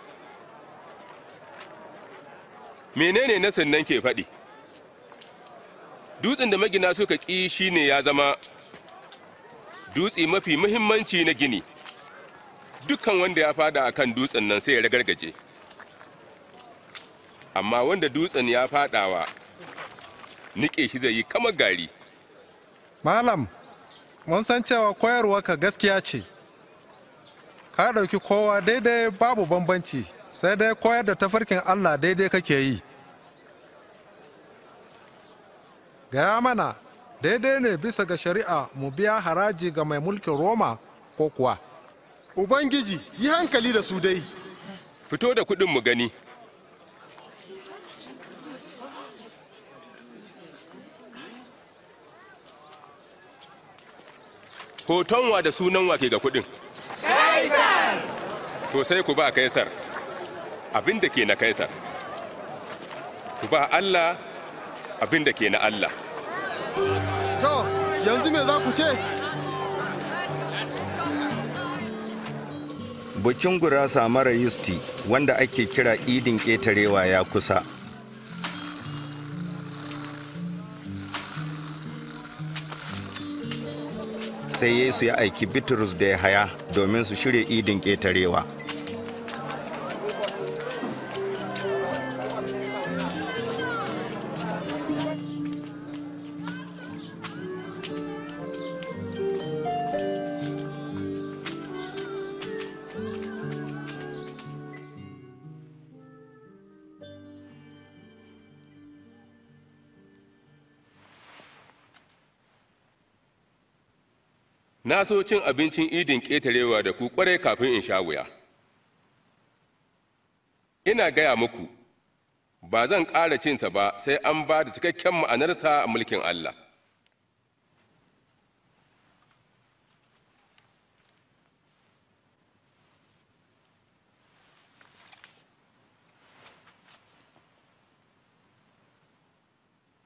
menene nasin nan ke faɗi dutsen da magina suka ƙi ne ya zama dutse mafi muhimmanci na gini dukkan wanda ya fada kan dutsen nan sai ya ragargaje amma wanda dutsen ya fadawa nike shi zai yi kamar gari malam mun san cewa koyarwa ka gaskiya ce ka ɗauki kowa daidai babu bambanci sai dai koyar da tafarkin allah daidai kake yi gaya mana daidai ne bisa ga shari'a mu biya haraji ga mai mulkin roma ko kuwa ubangiji yi hankali da su dai fito da kuɗin mu gani hotonwa da sunan wa ke ga kuɗin kaisar to sai ku ba kaisar abin da ke na kaisar ku ba allah abin da ke na allah to yanzu me za ku ce bikin gurasa mara yisti wanda ake kira idin ƙetarewa ya kusa sai Yesu ya aiki Bitrus da ya haya domin su shirya idin ƙetarewa. na so cin abincin idin ƙetarewa da ku ƙwarai kafin in sha wuya ina gaya muku ba zan ƙara cinsa ba sai an ba da cikakken ma'anarsa a mulkin Allah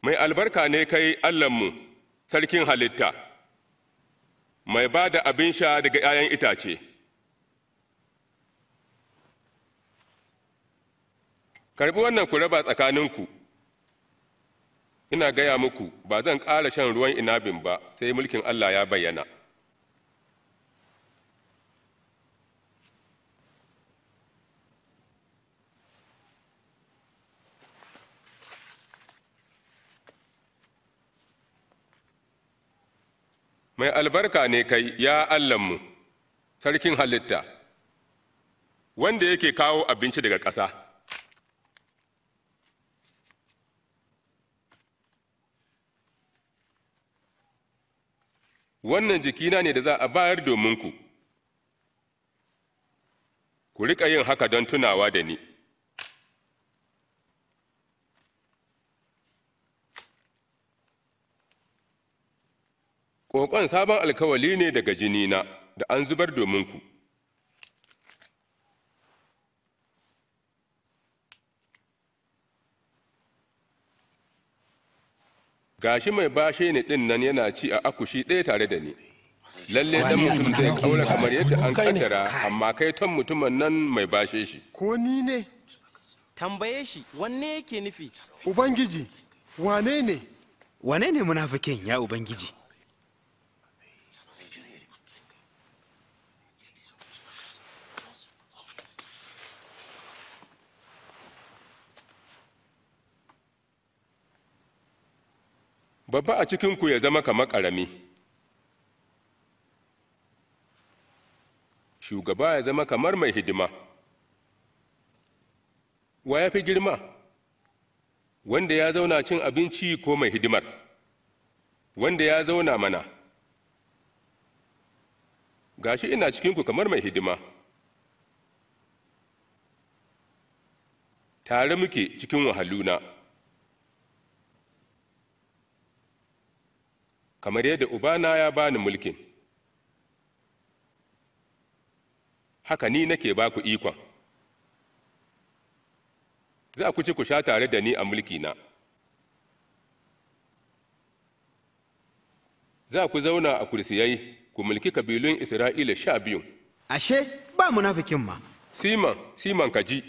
mai albarka ne kai Allahnmu sarkin halitta mai ba da abin sha daga 'ya'yan itace karbi wannan ku raba tsakaninku ina gaya muku ba zan ƙara shan ruwan inabin ba sai mulkin allah ya bayyana mai albarka ne kai ya Allahnmu, sarkin halitta, wanda yake kawo abinci daga ƙasa. Wannan jikina ne da za a bayar dominku, ku riƙa yin haka don tunawa da ni. Ƙoƙon sabon alkawali ne daga jinina da an zubar domin ku. Gashi mai bashe ne ɗin nan yana ci a akushi ɗaya tare da ni. lalle dan mutum zai ƙaura kamar yadda an ƙaddara, amma kai ton mutumin nan mai bashe shi ko ni ne tambaye shi wanne yake nufi ubangiji wane ne wane ne munafikin ya ubangiji babba a cikinku ya zama kamar ƙarami shugaba ya zama kamar mai hidima wa ya fi girma wanda ya zauna cin abinci ko mai hidimar wanda ya zauna mana gashi ina cikinku kamar mai hidima tare muke cikin wahaluna kamar yadda ubana ya bani mulkin haka ni nake ba ku ikon za ku ci ku sha tare da ni a mulkina za ku zauna a kursiyai ku mulki kabilun isra'ila sha biyu ashe ba munafikin ma siman siman ka ji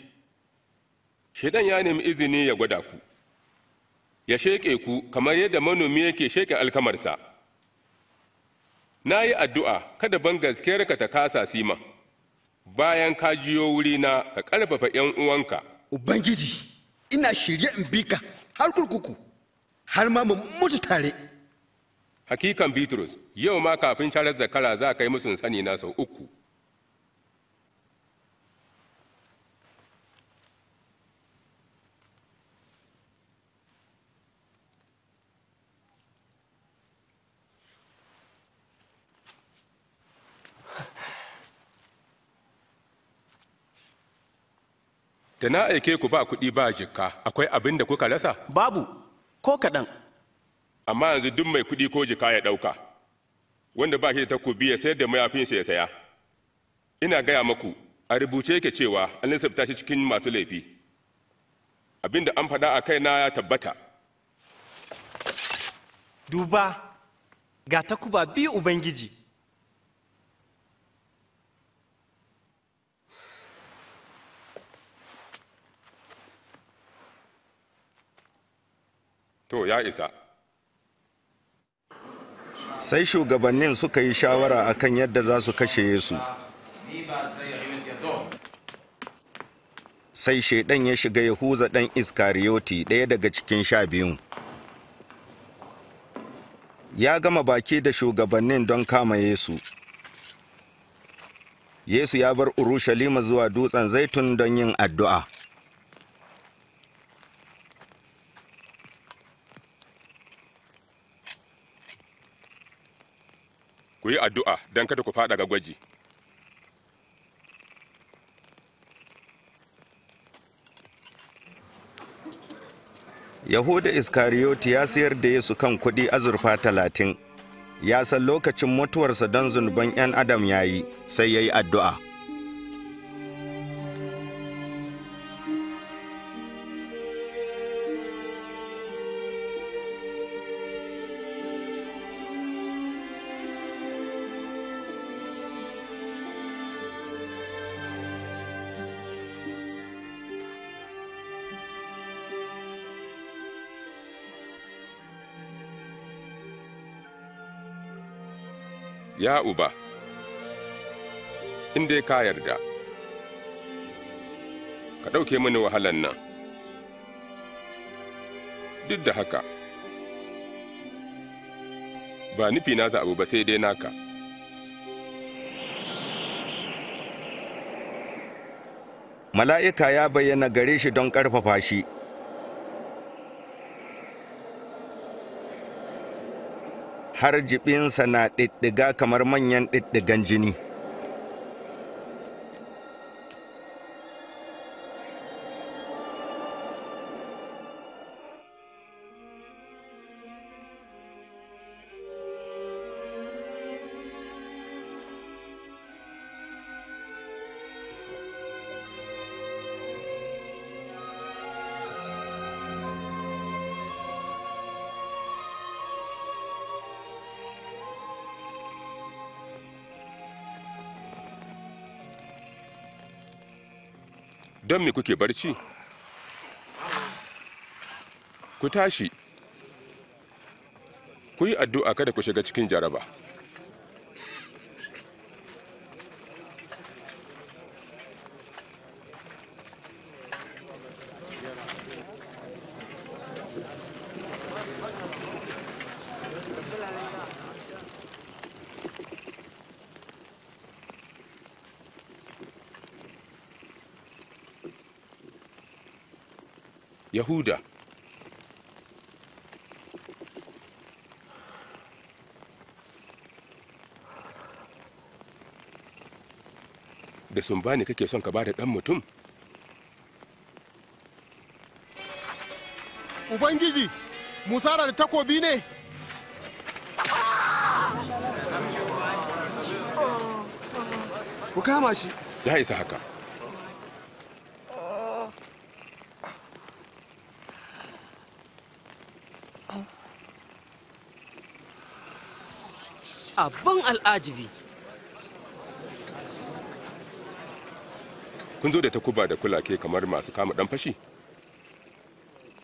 shaidan ya nemi izini ya gwada ku ya sheƙe ku kamar yadda manomi yake sheƙe alkamarsa na yi addu'a kada ban gaskiyarka ta kasa sima bayan ka jiyo wuri na ka ƙarfafa ‘yan uwanka ubangiji ina shirye in bi ka har kurkuku har ma mu mutu tare hakikan bitrus yau ma kafin sharar zakara za ka yi musun sani na sau uku da na aike ku ba kuɗi ba jikka akwai abin da kuka rasa babu ko kaɗan amma yanzu duk mai kuɗi ko jika ya ɗauka wanda ba shi da takobi ya sayar da mayafinsa ya saya ina gaya maku a rubuce yake cewa an lissafta shi cikin masu laifi abin da an faɗa a kaina ya tabbata duba ga takuba biyu ubangiji to ya isa sai shugabannin suka yi shawara akan yadda za su kashe yesu sai shaidan ya shiga yahuza dan iskariyoti ɗaya daga cikin sha biyun ya gama baki da shugabannin don kama yesu yesu ya bar urushalima zuwa dutsen zaitun don yin addu'a ku yi addu'a don kada ku faɗa ga gwaji Yahuda Iskariyoti ya sayar da Yesu kan kuɗi azurfa talatin, ya san lokacin mutuwarsa don zunuban ‘yan Adam ya yi, sai ya yi addu'a. ya uba in dai ka yarda ka ɗauke mini wahalan nan duk da haka ba nufi na za abu ba sai dai naka mala'ika ya bayyana gare shi don ƙarfafa shi har jibinsa na ɗiɗɗiga kamar manyan ɗiɗɗigan jini don me kuke barci ku tashi ku yi addu'a kada ku shiga cikin jaraba yahuda da sun kake son ka ba da ɗan mutum ubangiji musa da takobi ne ku kama shi ya isa haka abin al'ajibi kun zo da takuba da kulake kamar masu kama dan fashi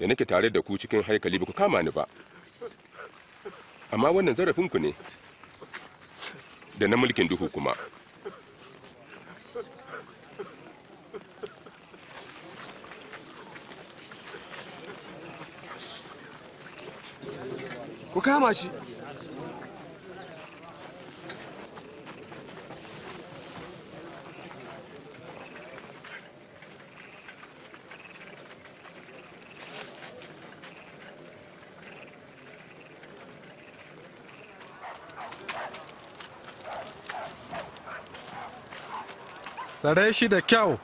da nake tare da ku cikin haikali ba ku kama ni ba amma wannan zarafinku ne da na mulkin duhu kuma ku kama shi tsare shi da kyau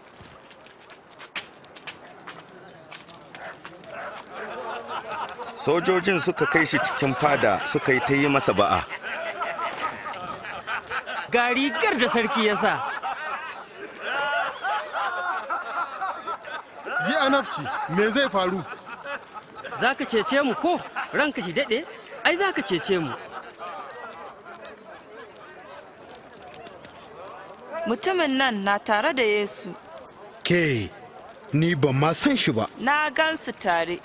sojojin suka kai shi cikin fada suka yi ta yi masa ba'a ga rigar da sarki ya sa yi anafci me zai faru za ka cece mu ko ranka shi daɗe ai za ka cece mu mutumin nan na tare da yesu ke ni ban ma san shi ba na gansu tare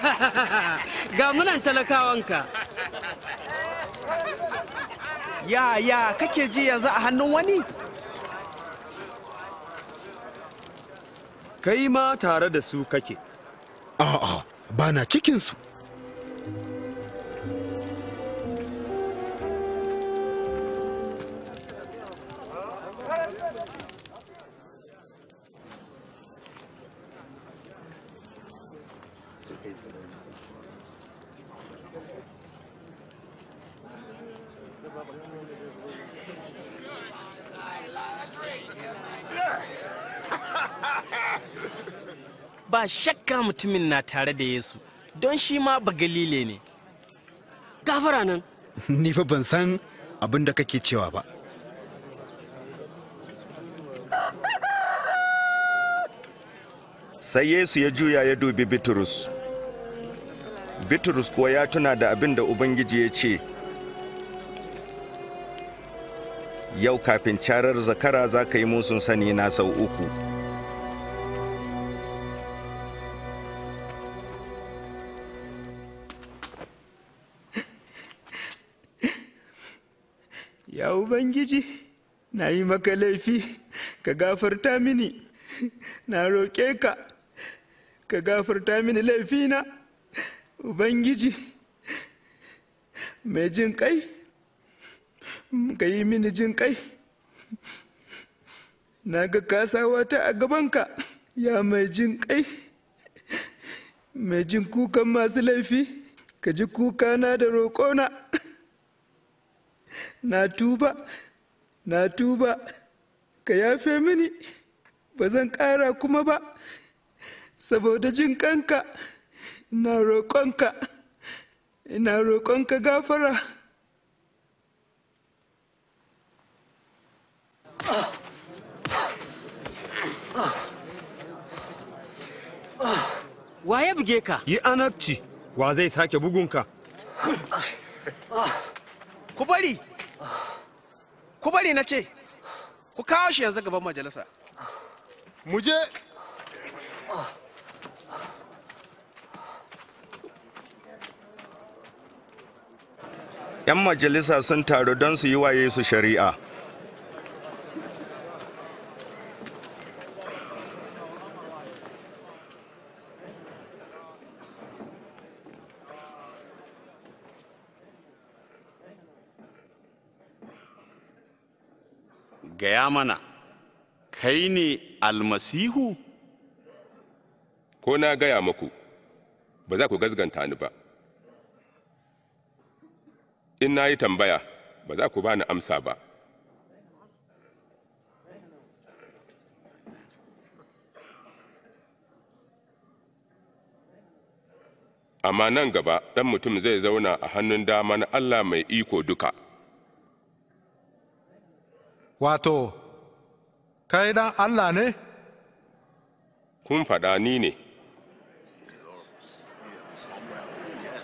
(laughs) ga munan talakawanka ya ya kake ji yanzu a hannun wani kai ma tare da su kake a'a ba na cikinsu mutumin na tare da Yesu don shi ma ba galile ne. Gafara nan. (laughs) Ni fa ban san abin da kake cewa ba. Sai Yesu ya juya ya dubi Bitrus. Bitrus kuwa ya tuna da abin da Ubangiji ya ce, Yau kafin carar zakara za ka yi musun sani na sau uku. ubangiji na yi maka laifi ka gafarta mini na roƙe ka ka gafarta mini laifina ubangiji mai jin kai ka yi mini jin kai na ga kasawata a gabanka ya mai jin kai mai jin kukan masu laifi ka ji kuka na da roƙona na tuba na tuba ka yafe mini ba zan ƙara kuma ba saboda jin kanka na roƙonka ina roƙonka gafara Wa ya buge ka? Yi anabci, wa zai sake bugunka? Ku bari! ku bari na ce ku kawo shi yanzu gaban majalisa mu je yan majalisa sun taru don su yi waye su shari'a gaya mana kai ne almasihu ko na gaya muku ba za ku gazganta ni ba in na yi tambaya ba za ku ba ni amsa ba amma nan gaba ɗan mutum zai zauna a hannun dama na Allah mai iko duka. wato, kai dan Allah ne? Kun faɗa ni ne.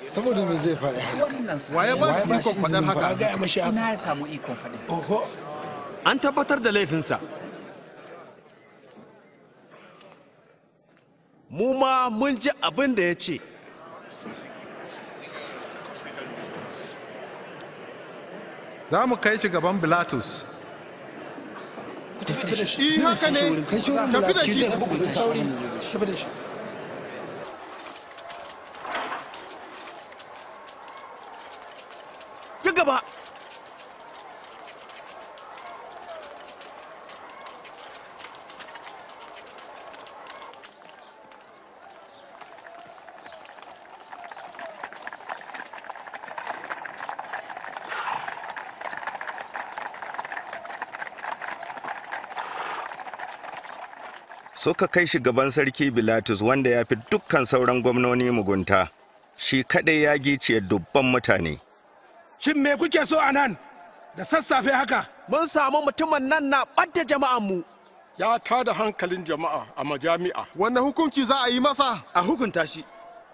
saboda me zai faɗi haka waye ba su ikon faɗar haka ga mashi haka samu ikon faɗi oho an tabbatar da laifinsa mu ma mun ji abin da ya ce za mu kai shi gaban bilatus shi haka ne tafi da shi tafi da shi ya gaba suka kai shi gaban sarki Bilatus wanda ya fi dukkan sauran gwamnoni mugunta, shi kaɗai ya giciye dubban mutane. Shin me kuke so a nan da sassafe haka? Mun samu mutumin nan na ɓadda jama'anmu. Ya tada hankalin jama'a a majami'a. Wanne hukunci za a yi masa? A hukunta shi.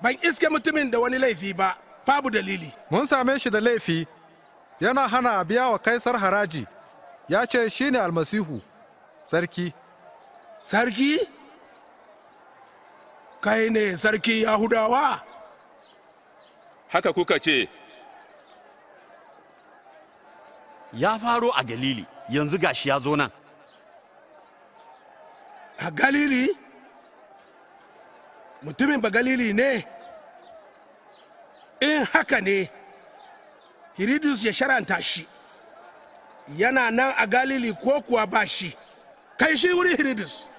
Ban iske mutumin da wani laifi ba, babu dalili. Mun same shi da laifi, yana hana a biya wa Kaisar haraji, ya ce shi ne almasihu, sarki. sarki kai ne sarki yahudawa haka kuka ce ya faro a galili yanzu gashi ya zo nan a galili mutumin ba galili ne in haka ne hiridus ya sharanta shi yana nan a galili ko kuwa ba shi kai shi wuri hiridus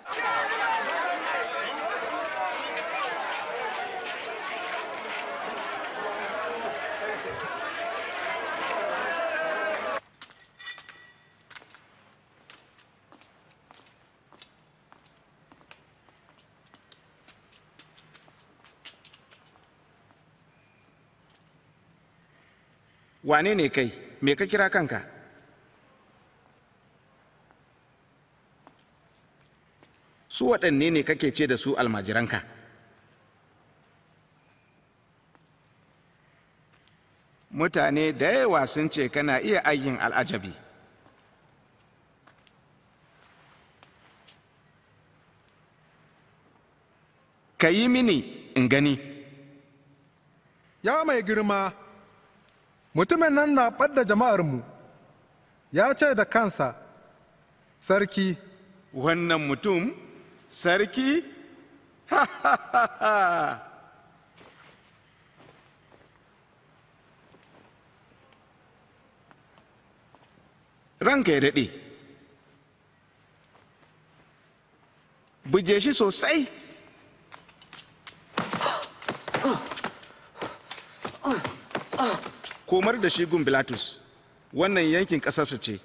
wane ne kai me ka kira kanka su waɗanne ne kake ce da su almajiranka mutane da yawa sun ce kana iya ayyin al'ajabi ka yi mini in gani ya mai girma mutumin nan na ɓadda jama'armu ya ce da kansa sarki wannan mutum sarki ha (laughs) ha ranka ya daɗe buje shi sosai komar da shi gun bilatus wannan yankin ƙasarsa ce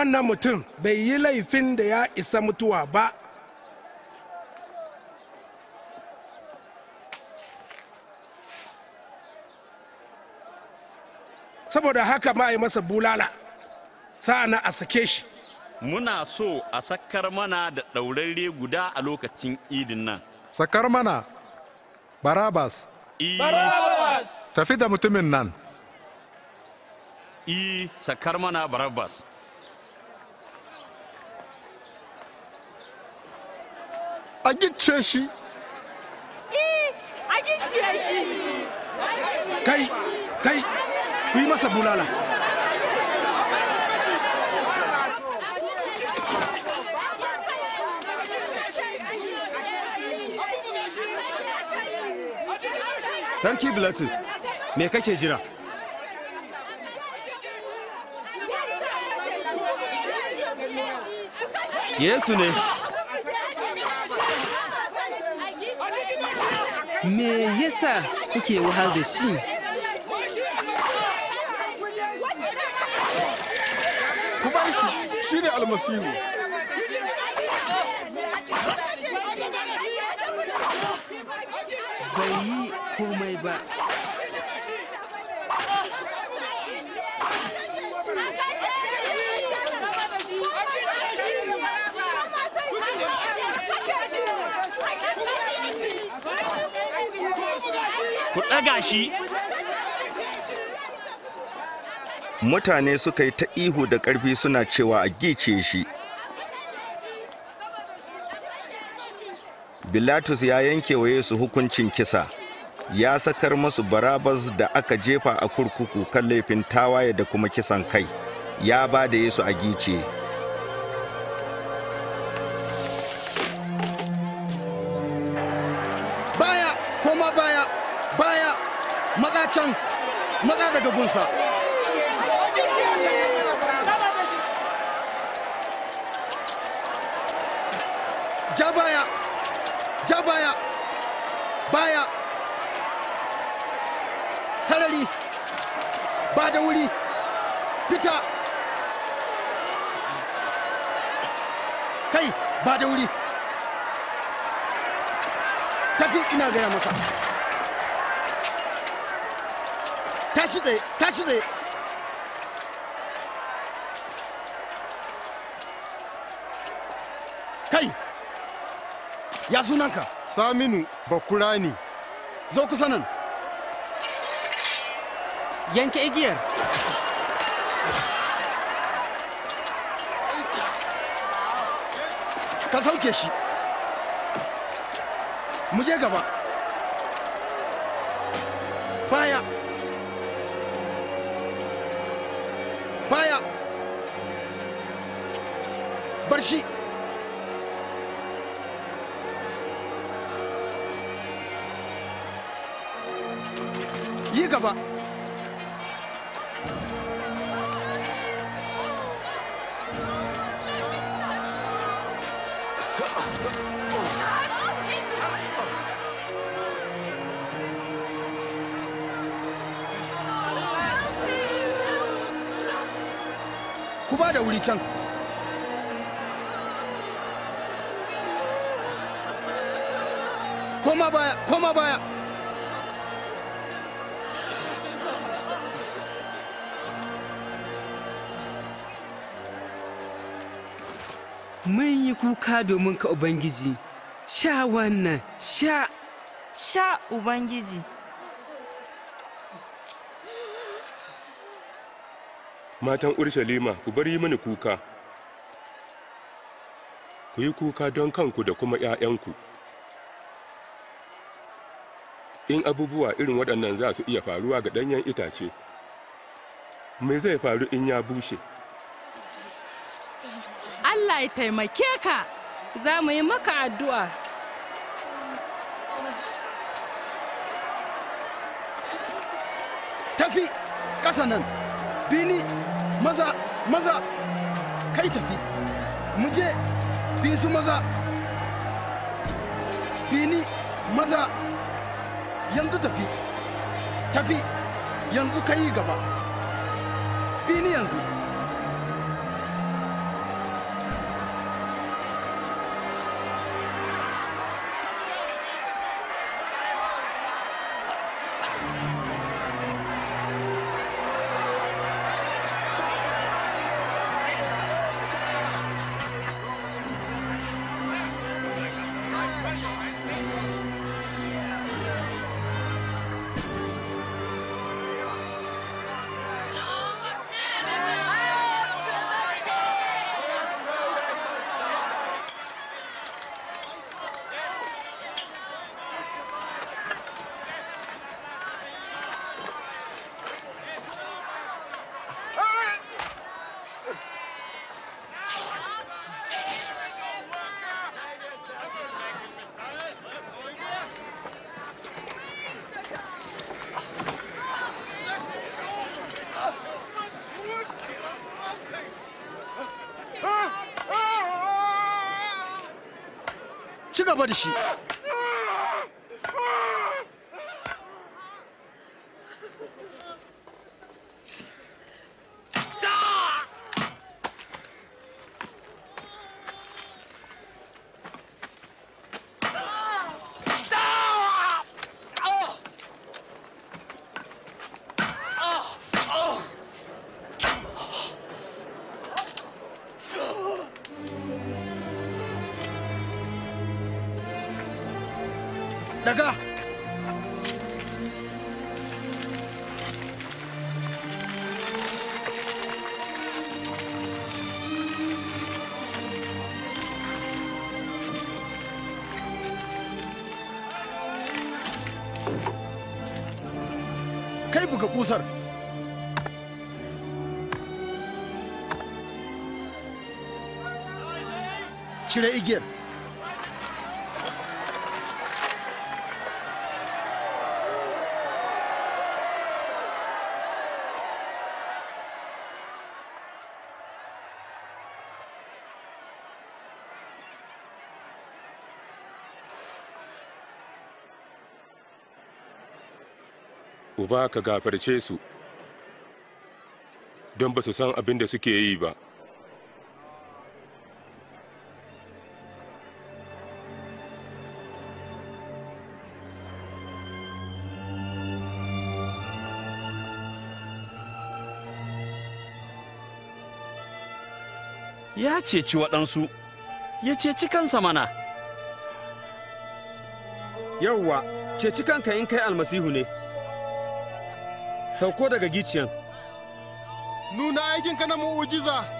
wannan mutum bai yi laifin da ya isa mutuwa ba saboda haka ma yi masa bulala na a sake shi muna so a sakar mana da ɗaurarre guda a lokacin idin nan sakar mana barabas barabas tafi da mutumin nan i sakar mana barabas a gicce shi a gicce shi kai kai ku yi masa bulala Sarki Bilatus, me kake jira? Yesu ne. me yasa kuke wahal da shi ku bar shi shi ne almasihu bai yi komai ba ku ɗaga shi mutane suka yi ta ihu da ƙarfi suna cewa a gice shi bilatus ya yanke wa yesu hukuncin kisa ya sakar masu barabas da aka jefa a kurkuku kan laifin tawaye da kuma kisan kai ya ba da yesu a gice. expulsa. Ya vaya, ya vaya, vaya. sarari va de wuri fita kai ba da wuri Tapi, ina gaya maka tashi tsaye tsaye kai ya sunanka saminu bakurani zo kusa nan yanke igiyar ka sauke shi mu je gaba baya bar shi yi gaba ku da wuri can koma baya koma baya mun yi kuka domin ka ubangiji sha wannan sha sha ubangiji matan urshalima ku bari mini kuka ku yi kuka don kanku da kuma 'ya'yanku in abubuwa irin waɗannan za su iya faruwa ga ɗanyen itace me zai faru in ya bushe Allah ya taimake ka za mu yi maka addu'a tafi ƙasa nan bini maza maza kai tafi mu je bi su maza bini maza yanzu tafi tafi yanzu ka yi gaba fi ni yanzu 張りし daga kai buga kusar cire igiyar uba ka gafarce su don ba su san abin da suke yi ba ya ceci waɗansu ya ceci kansa mana yauwa ceci kanka in kai almasihu ne sauko daga giciyan. Nuna aikinka na mu'ujiza.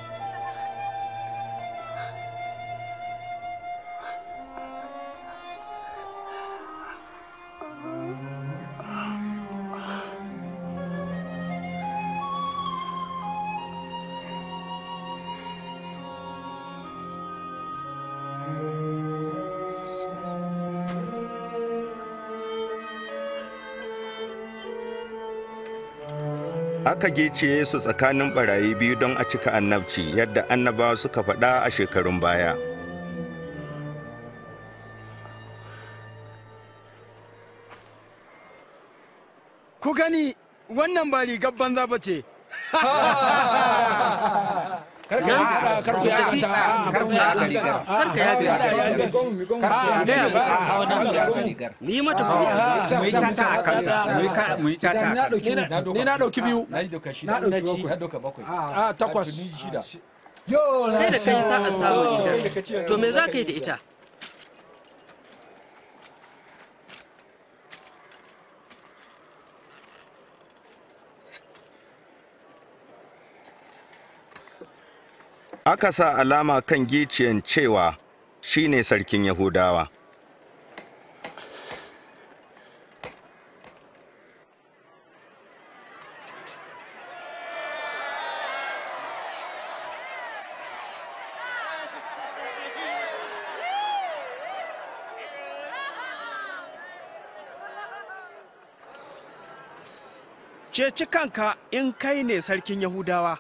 aka gece su tsakanin barayi biyu don a cika annabci yadda annabawa suka faɗa a shekarun baya. Ku gani wannan ba rigar banza ba ce. (laughs) (laughs) kar ya ya ni mata mu yi tata a kanta mu yi mu yi tata ni na dauki biyu na dauki na dauki na bakwai ah, takwas yo sai da kai sa a samu to me za ka yi da ita aka sa alama kan giciyan cewa shi ne sarkin Yahudawa. Ceci kanka in kai ne sarkin Yahudawa.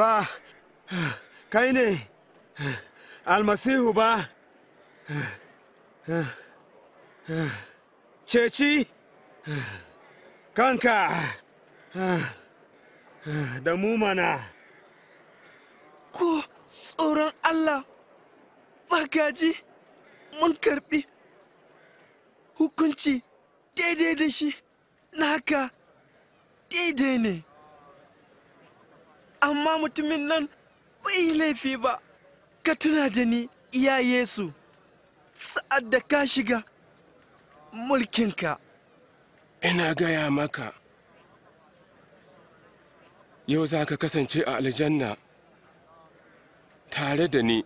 ba kai ne almasihu ba ceci kanka da mu mana ko tsoron allah bakaji mun karbi hukunci daidai da shi naka daidai ne amma mutumin nan bai laifi ba ka tuna da ni iya yesu sa'ad da ka shiga mulkinka ina gaya maka yau za ka kasance a aljanna tare da ni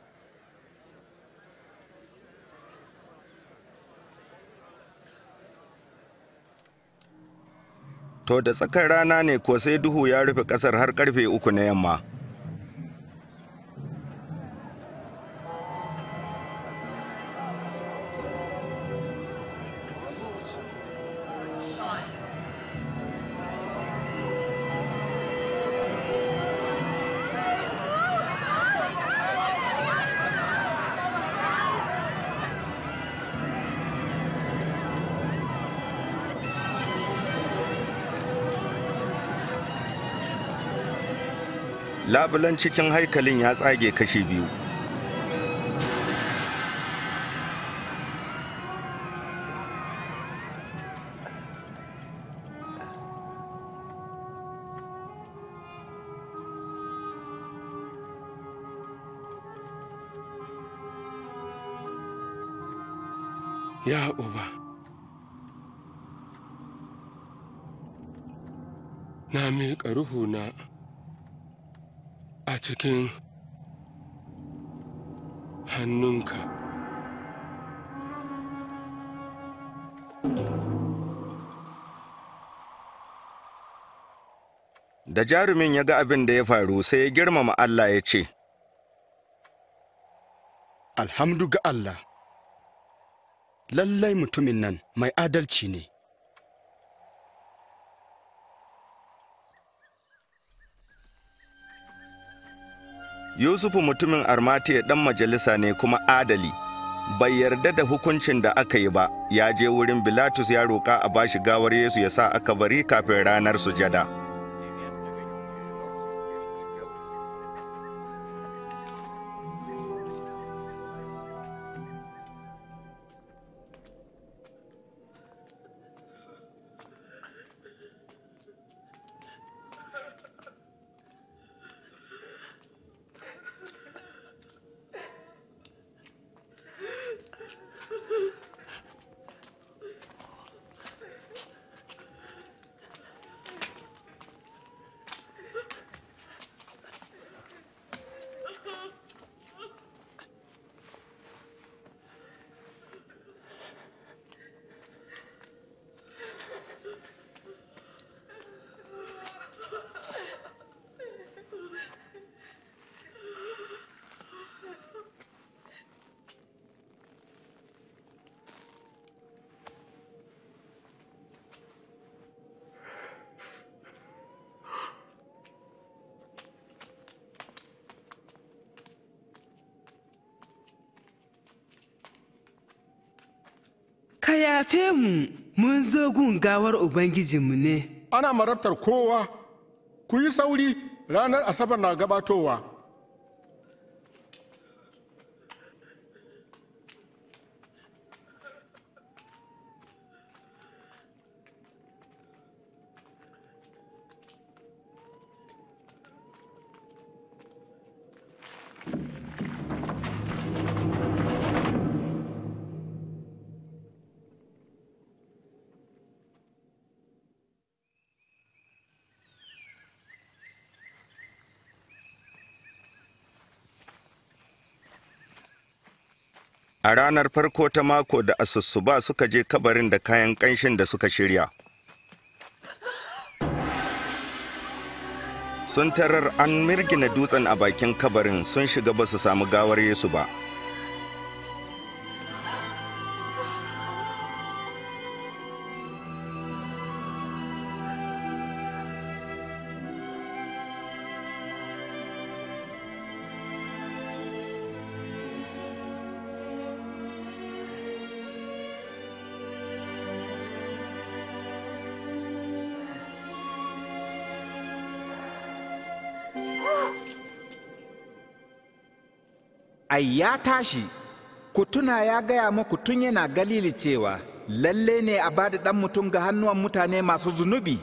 to da tsakar rana ne ko sai duhu ya rufe ƙasar har karfe uku na yamma labulan cikin haikalin ya tsage kashi biyu Ya Uba, na miƙa ruhuna. cikin hannunka da jarumin ya ga abin da ya faru sai ya girmama Allah ya ce alhamdu ga Allah lallai mutumin nan mai adalci ne Yusufu mutumin Armatiya ɗan majalisa ne kuma adali, bai yarda da hukuncin da aka yi ba, ya je wurin Bilatus ya roƙa a bashi gawar Yesu ya sa aka bari kafin ranar sujada. ka yafe mu mun zo gun gawar Ubangijinmu ne. Ana marabtar kowa, ku yi sauri ranar Asabar na gabatowa. a ranar farko ta mako da ba suka je kabarin da kayan kanshin da suka shirya sun tarar an mirgina dutsen a bakin kabarin sun shiga ba su samu gawar yesu ba ai ya tashi ku tuna ya gaya muku tun yana galili cewa lalle ne a bada ɗan mutum ga hannuwan mutane masu zunubi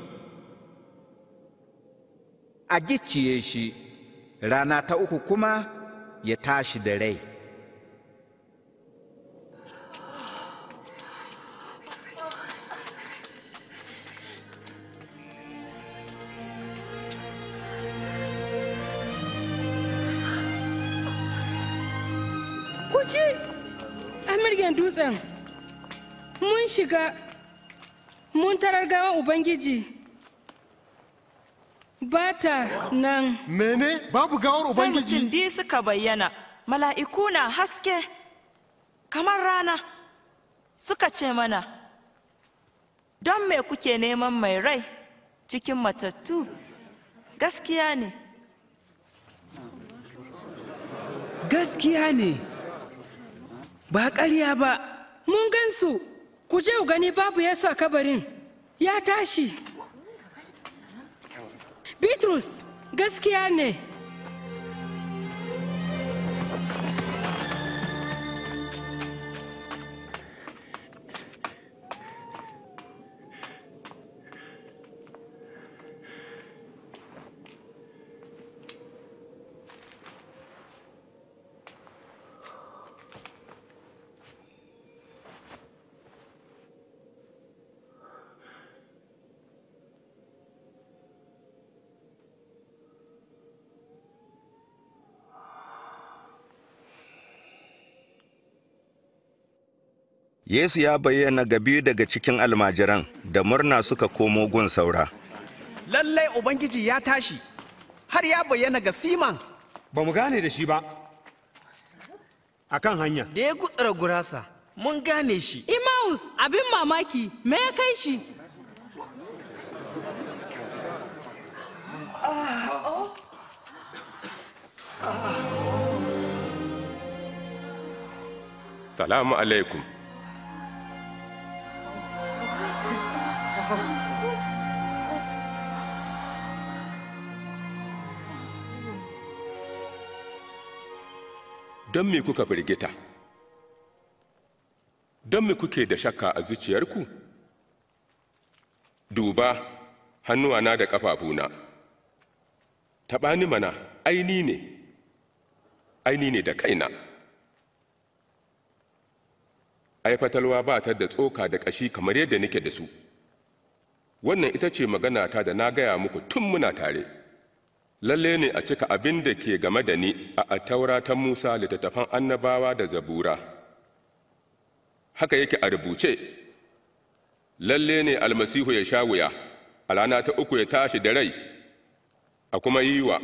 a gicciye shi rana ta uku kuma ya tashi da rai shiga mun tarar gawan ubangiji ba ta nan mene babu gawar ubangiji sai mutum biyu suka bayyana mala'iku na haske kamar rana suka ce mana don me kuke neman mai rai cikin matattu gaskiya ne gaskiya ne ba ƙarya ba mun gansu ku je ku gani babu yesu a kabarin ya tashi bitrus gaskiya ne Yesu ya bayyana ga biyu daga cikin almajiran da murna suka komo gun saura. Lallai Ubangiji ya tashi, har ya bayyana ga Siman. Ba mu gane da shi ba, a kan hanya. Da ya gutsara gurasa, mun gane shi. Imaus, abin mamaki, me ya kai shi? Salamu alaikum. don me kuka firgita don me kuke da shakka a zuciyarku duba hannuwana da ƙafafuna taɓa ni mana aini ne aini ne da kaina ai fatalwa ba ta da tsoka da ƙashi kamar yadda nake da su wannan ita ce magana ta da na gaya muku tun muna tare lalle ne a cika abin da ke game da ni a taura ta Musa littattafan annabawa da zabura haka yake a rubuce lalle ne almasihu ya sha wuya a rana ta uku ya tashi da rai a kuma yi wa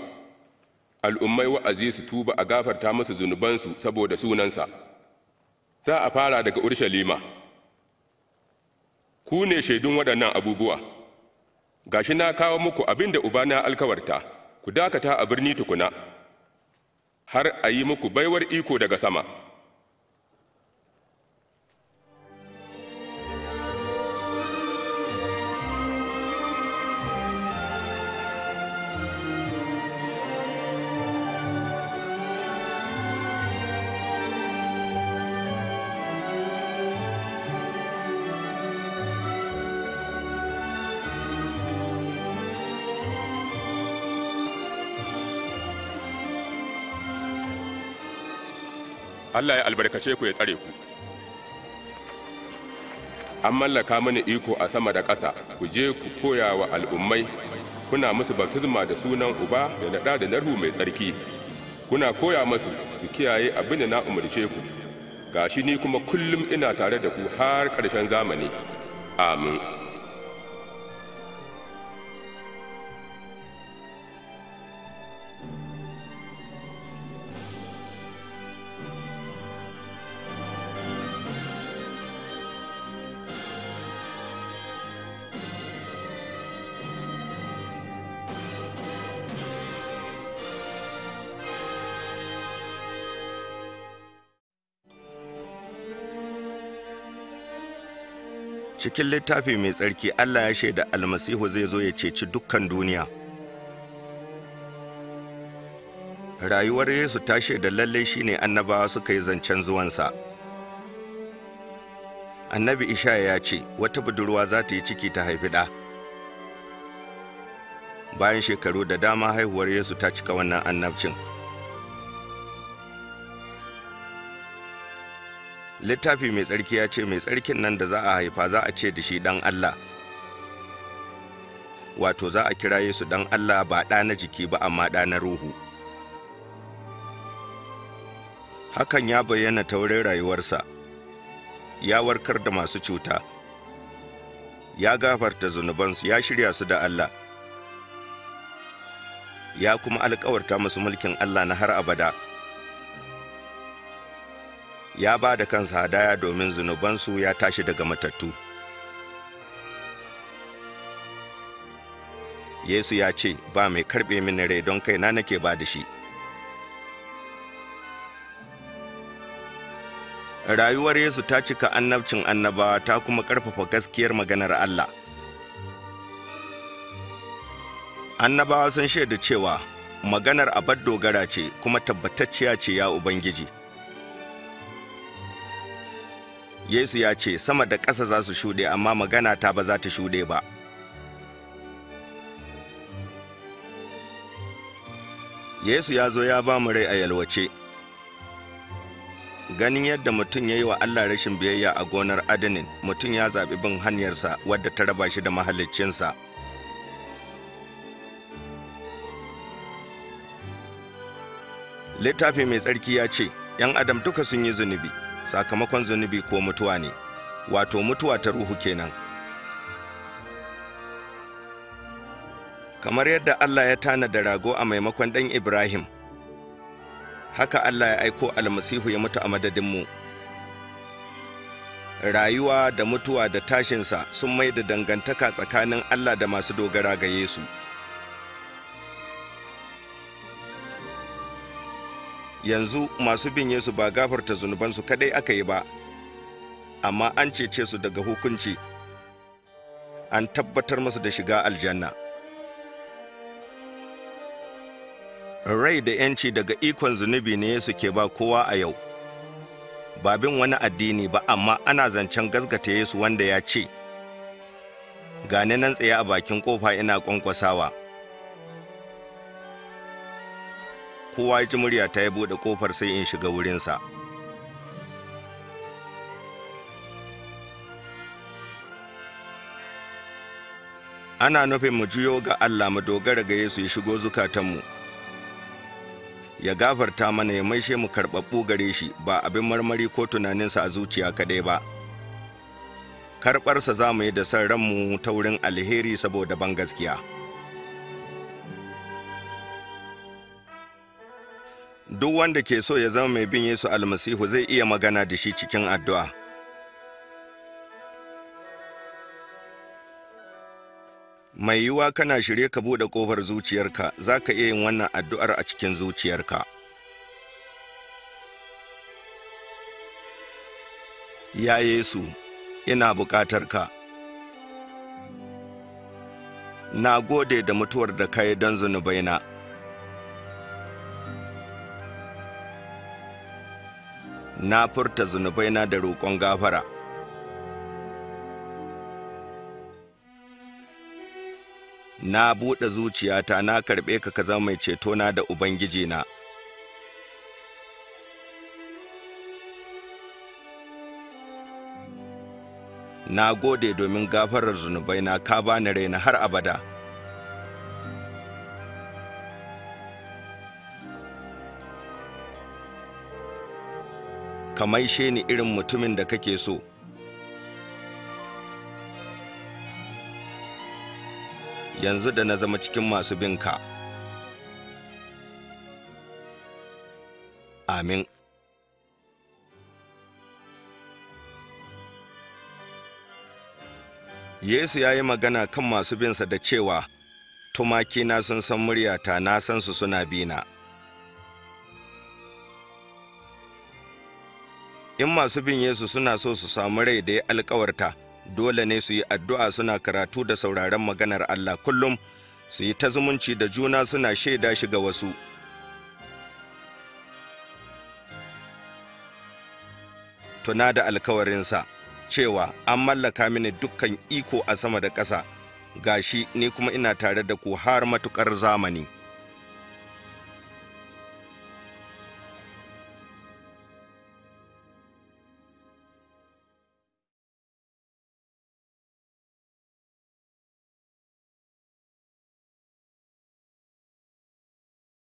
al'ummai wa'azi su tuba a gafarta musu zunubansu saboda sunansa za a fara daga urshalima ku ne shaidun waɗannan abubuwa gashi na kawo muku abin da ubana alkawarta ku dakata a birni tukuna, har a yi muku baiwar iko daga sama. Allah ya albarkace ku ya tsare ku an mallaka mini iko a sama da ƙasa ku je ku koya wa al'ummai kuna musu baptisma da sunan uba da naɗa da narhu mai tsarki kuna koya masu su kiyaye abin da na umarce ku gashi ni kuma kullum ina tare da ku har ƙarshen zamani amin cikin littafi mai tsarki Allah ya shaida almasihu zai zo ya ceci dukkan duniya. Rayuwar Yesu ta shaida lallai shine annabawa suka yi zancen zuwansa. Annabi Ishaya ya ce, wata budurwa za ta yi ciki ta haifi ɗa. Bayan shekaru da dama haihuwar Yesu ta cika wannan annabcin. littafi mai tsarki ya ce mai tsarkin nan da za a haifa za a ce da shi dan Allah wato za a kira Yesu dan Allah ba ɗa na jiki ba amma ɗa na ruhu hakan ya bayyana ta wurin rayuwarsa ya warkar da masu cuta ya gafarta zunubansu ya shirya su da Allah ya kuma alkawarta musu mulkin Allah na har abada. ya ba da kansa hadaya domin zunubansu ya tashi daga matattu yesu ya ce ba mai karɓe mini rai don kaina nake ba da shi rayuwar yesu ta cika annabcin annabawa ta kuma ƙarfafa gaskiyar maganar allah annabawa sun shaida cewa maganar abar dogara ce kuma tabbatacciya ce ya ubangiji Yesu ya ce sama da ƙasa za su shuɗe amma magana ta ba za ta shuɗe ba. Yesu ya zo ya ba mu rai a yalwace. Ganin yadda mutum ya yi wa Allah rashin biyayya a gonar adanin, mutum ya zaɓi bin hanyarsa wadda ta raba shi da mahaliccinsa. Littafi mai tsarki ya ce, ‘Yan Adam duka sun yi zunubi’. sakamakon zunubi ko mutuwa ne wato mutuwa ta ruhu kenan kamar yadda Allah ya tana da rago a maimakon ɗan Ibrahim haka Allah ya aiko almasihu ya mutu a madadinmu rayuwa da mutuwa da tashinsa sun mai da dangantaka tsakanin Allah da masu dogara ga Yesu. yanzu masu bin Yesu ba gafarta zunubansu kadai aka yi ba, amma an cece su daga hukunci, an tabbatar masu da shiga aljanna. Rai da ‘yanci daga ikon zunubi ne Yesu ke ba kowa a yau, ba bin wani addini ba amma ana zancen gaskata Yesu wanda ya ce, Gane nan tsaye a bakin ƙofa ina kwankwasawa. kowa ya ji murya ta yi buɗe kofar sai in shiga wurinsa ana nufin mu juyo ga Allah mu dogara ga Yesu ya shigo zukatanmu ya gafarta mana ya maishe mu karɓaɓɓu gare shi ba abin marmari ko tunaninsa a zuciya kaɗai ba karɓarsa za mu yi da san ranmu ta wurin alheri saboda ban gaskiya. duk wanda ke so ya zama mai bin Yesu almasihu zai iya magana da shi cikin addu'a. Mai yiwuwa kana shirye ka buɗe ƙofar zuciyarka, za ka iya yin wannan addu'ar a cikin zuciyarka. Ya Yesu, ina buƙatar ka. Na gode da mutuwar da ka yi don zunubaina. na furta zunubai na da roƙon gafara. Na buɗe zuciyata na karɓe ka ka zama mai cetona da ubangiji Na Na gode domin gafarar zunubai na ka bani raina har abada. ka maishe ni irin mutumin da kake so yanzu da na zama cikin masu bin amin yesu ya yi magana kan masu binsa da cewa tumakina sun san muryata na san su suna bina. na in masu bin Yesu suna so su samu rai da ya alkawarta dole ne su yi addu'a suna karatu da sauraron maganar Allah kullum su yi ta zumunci da juna suna shaida shi ga wasu. Tuna da alkawarinsa cewa an mallaka mini dukkan iko a sama da ƙasa, ga shi ni kuma ina tare da ku har matuƙar zamani.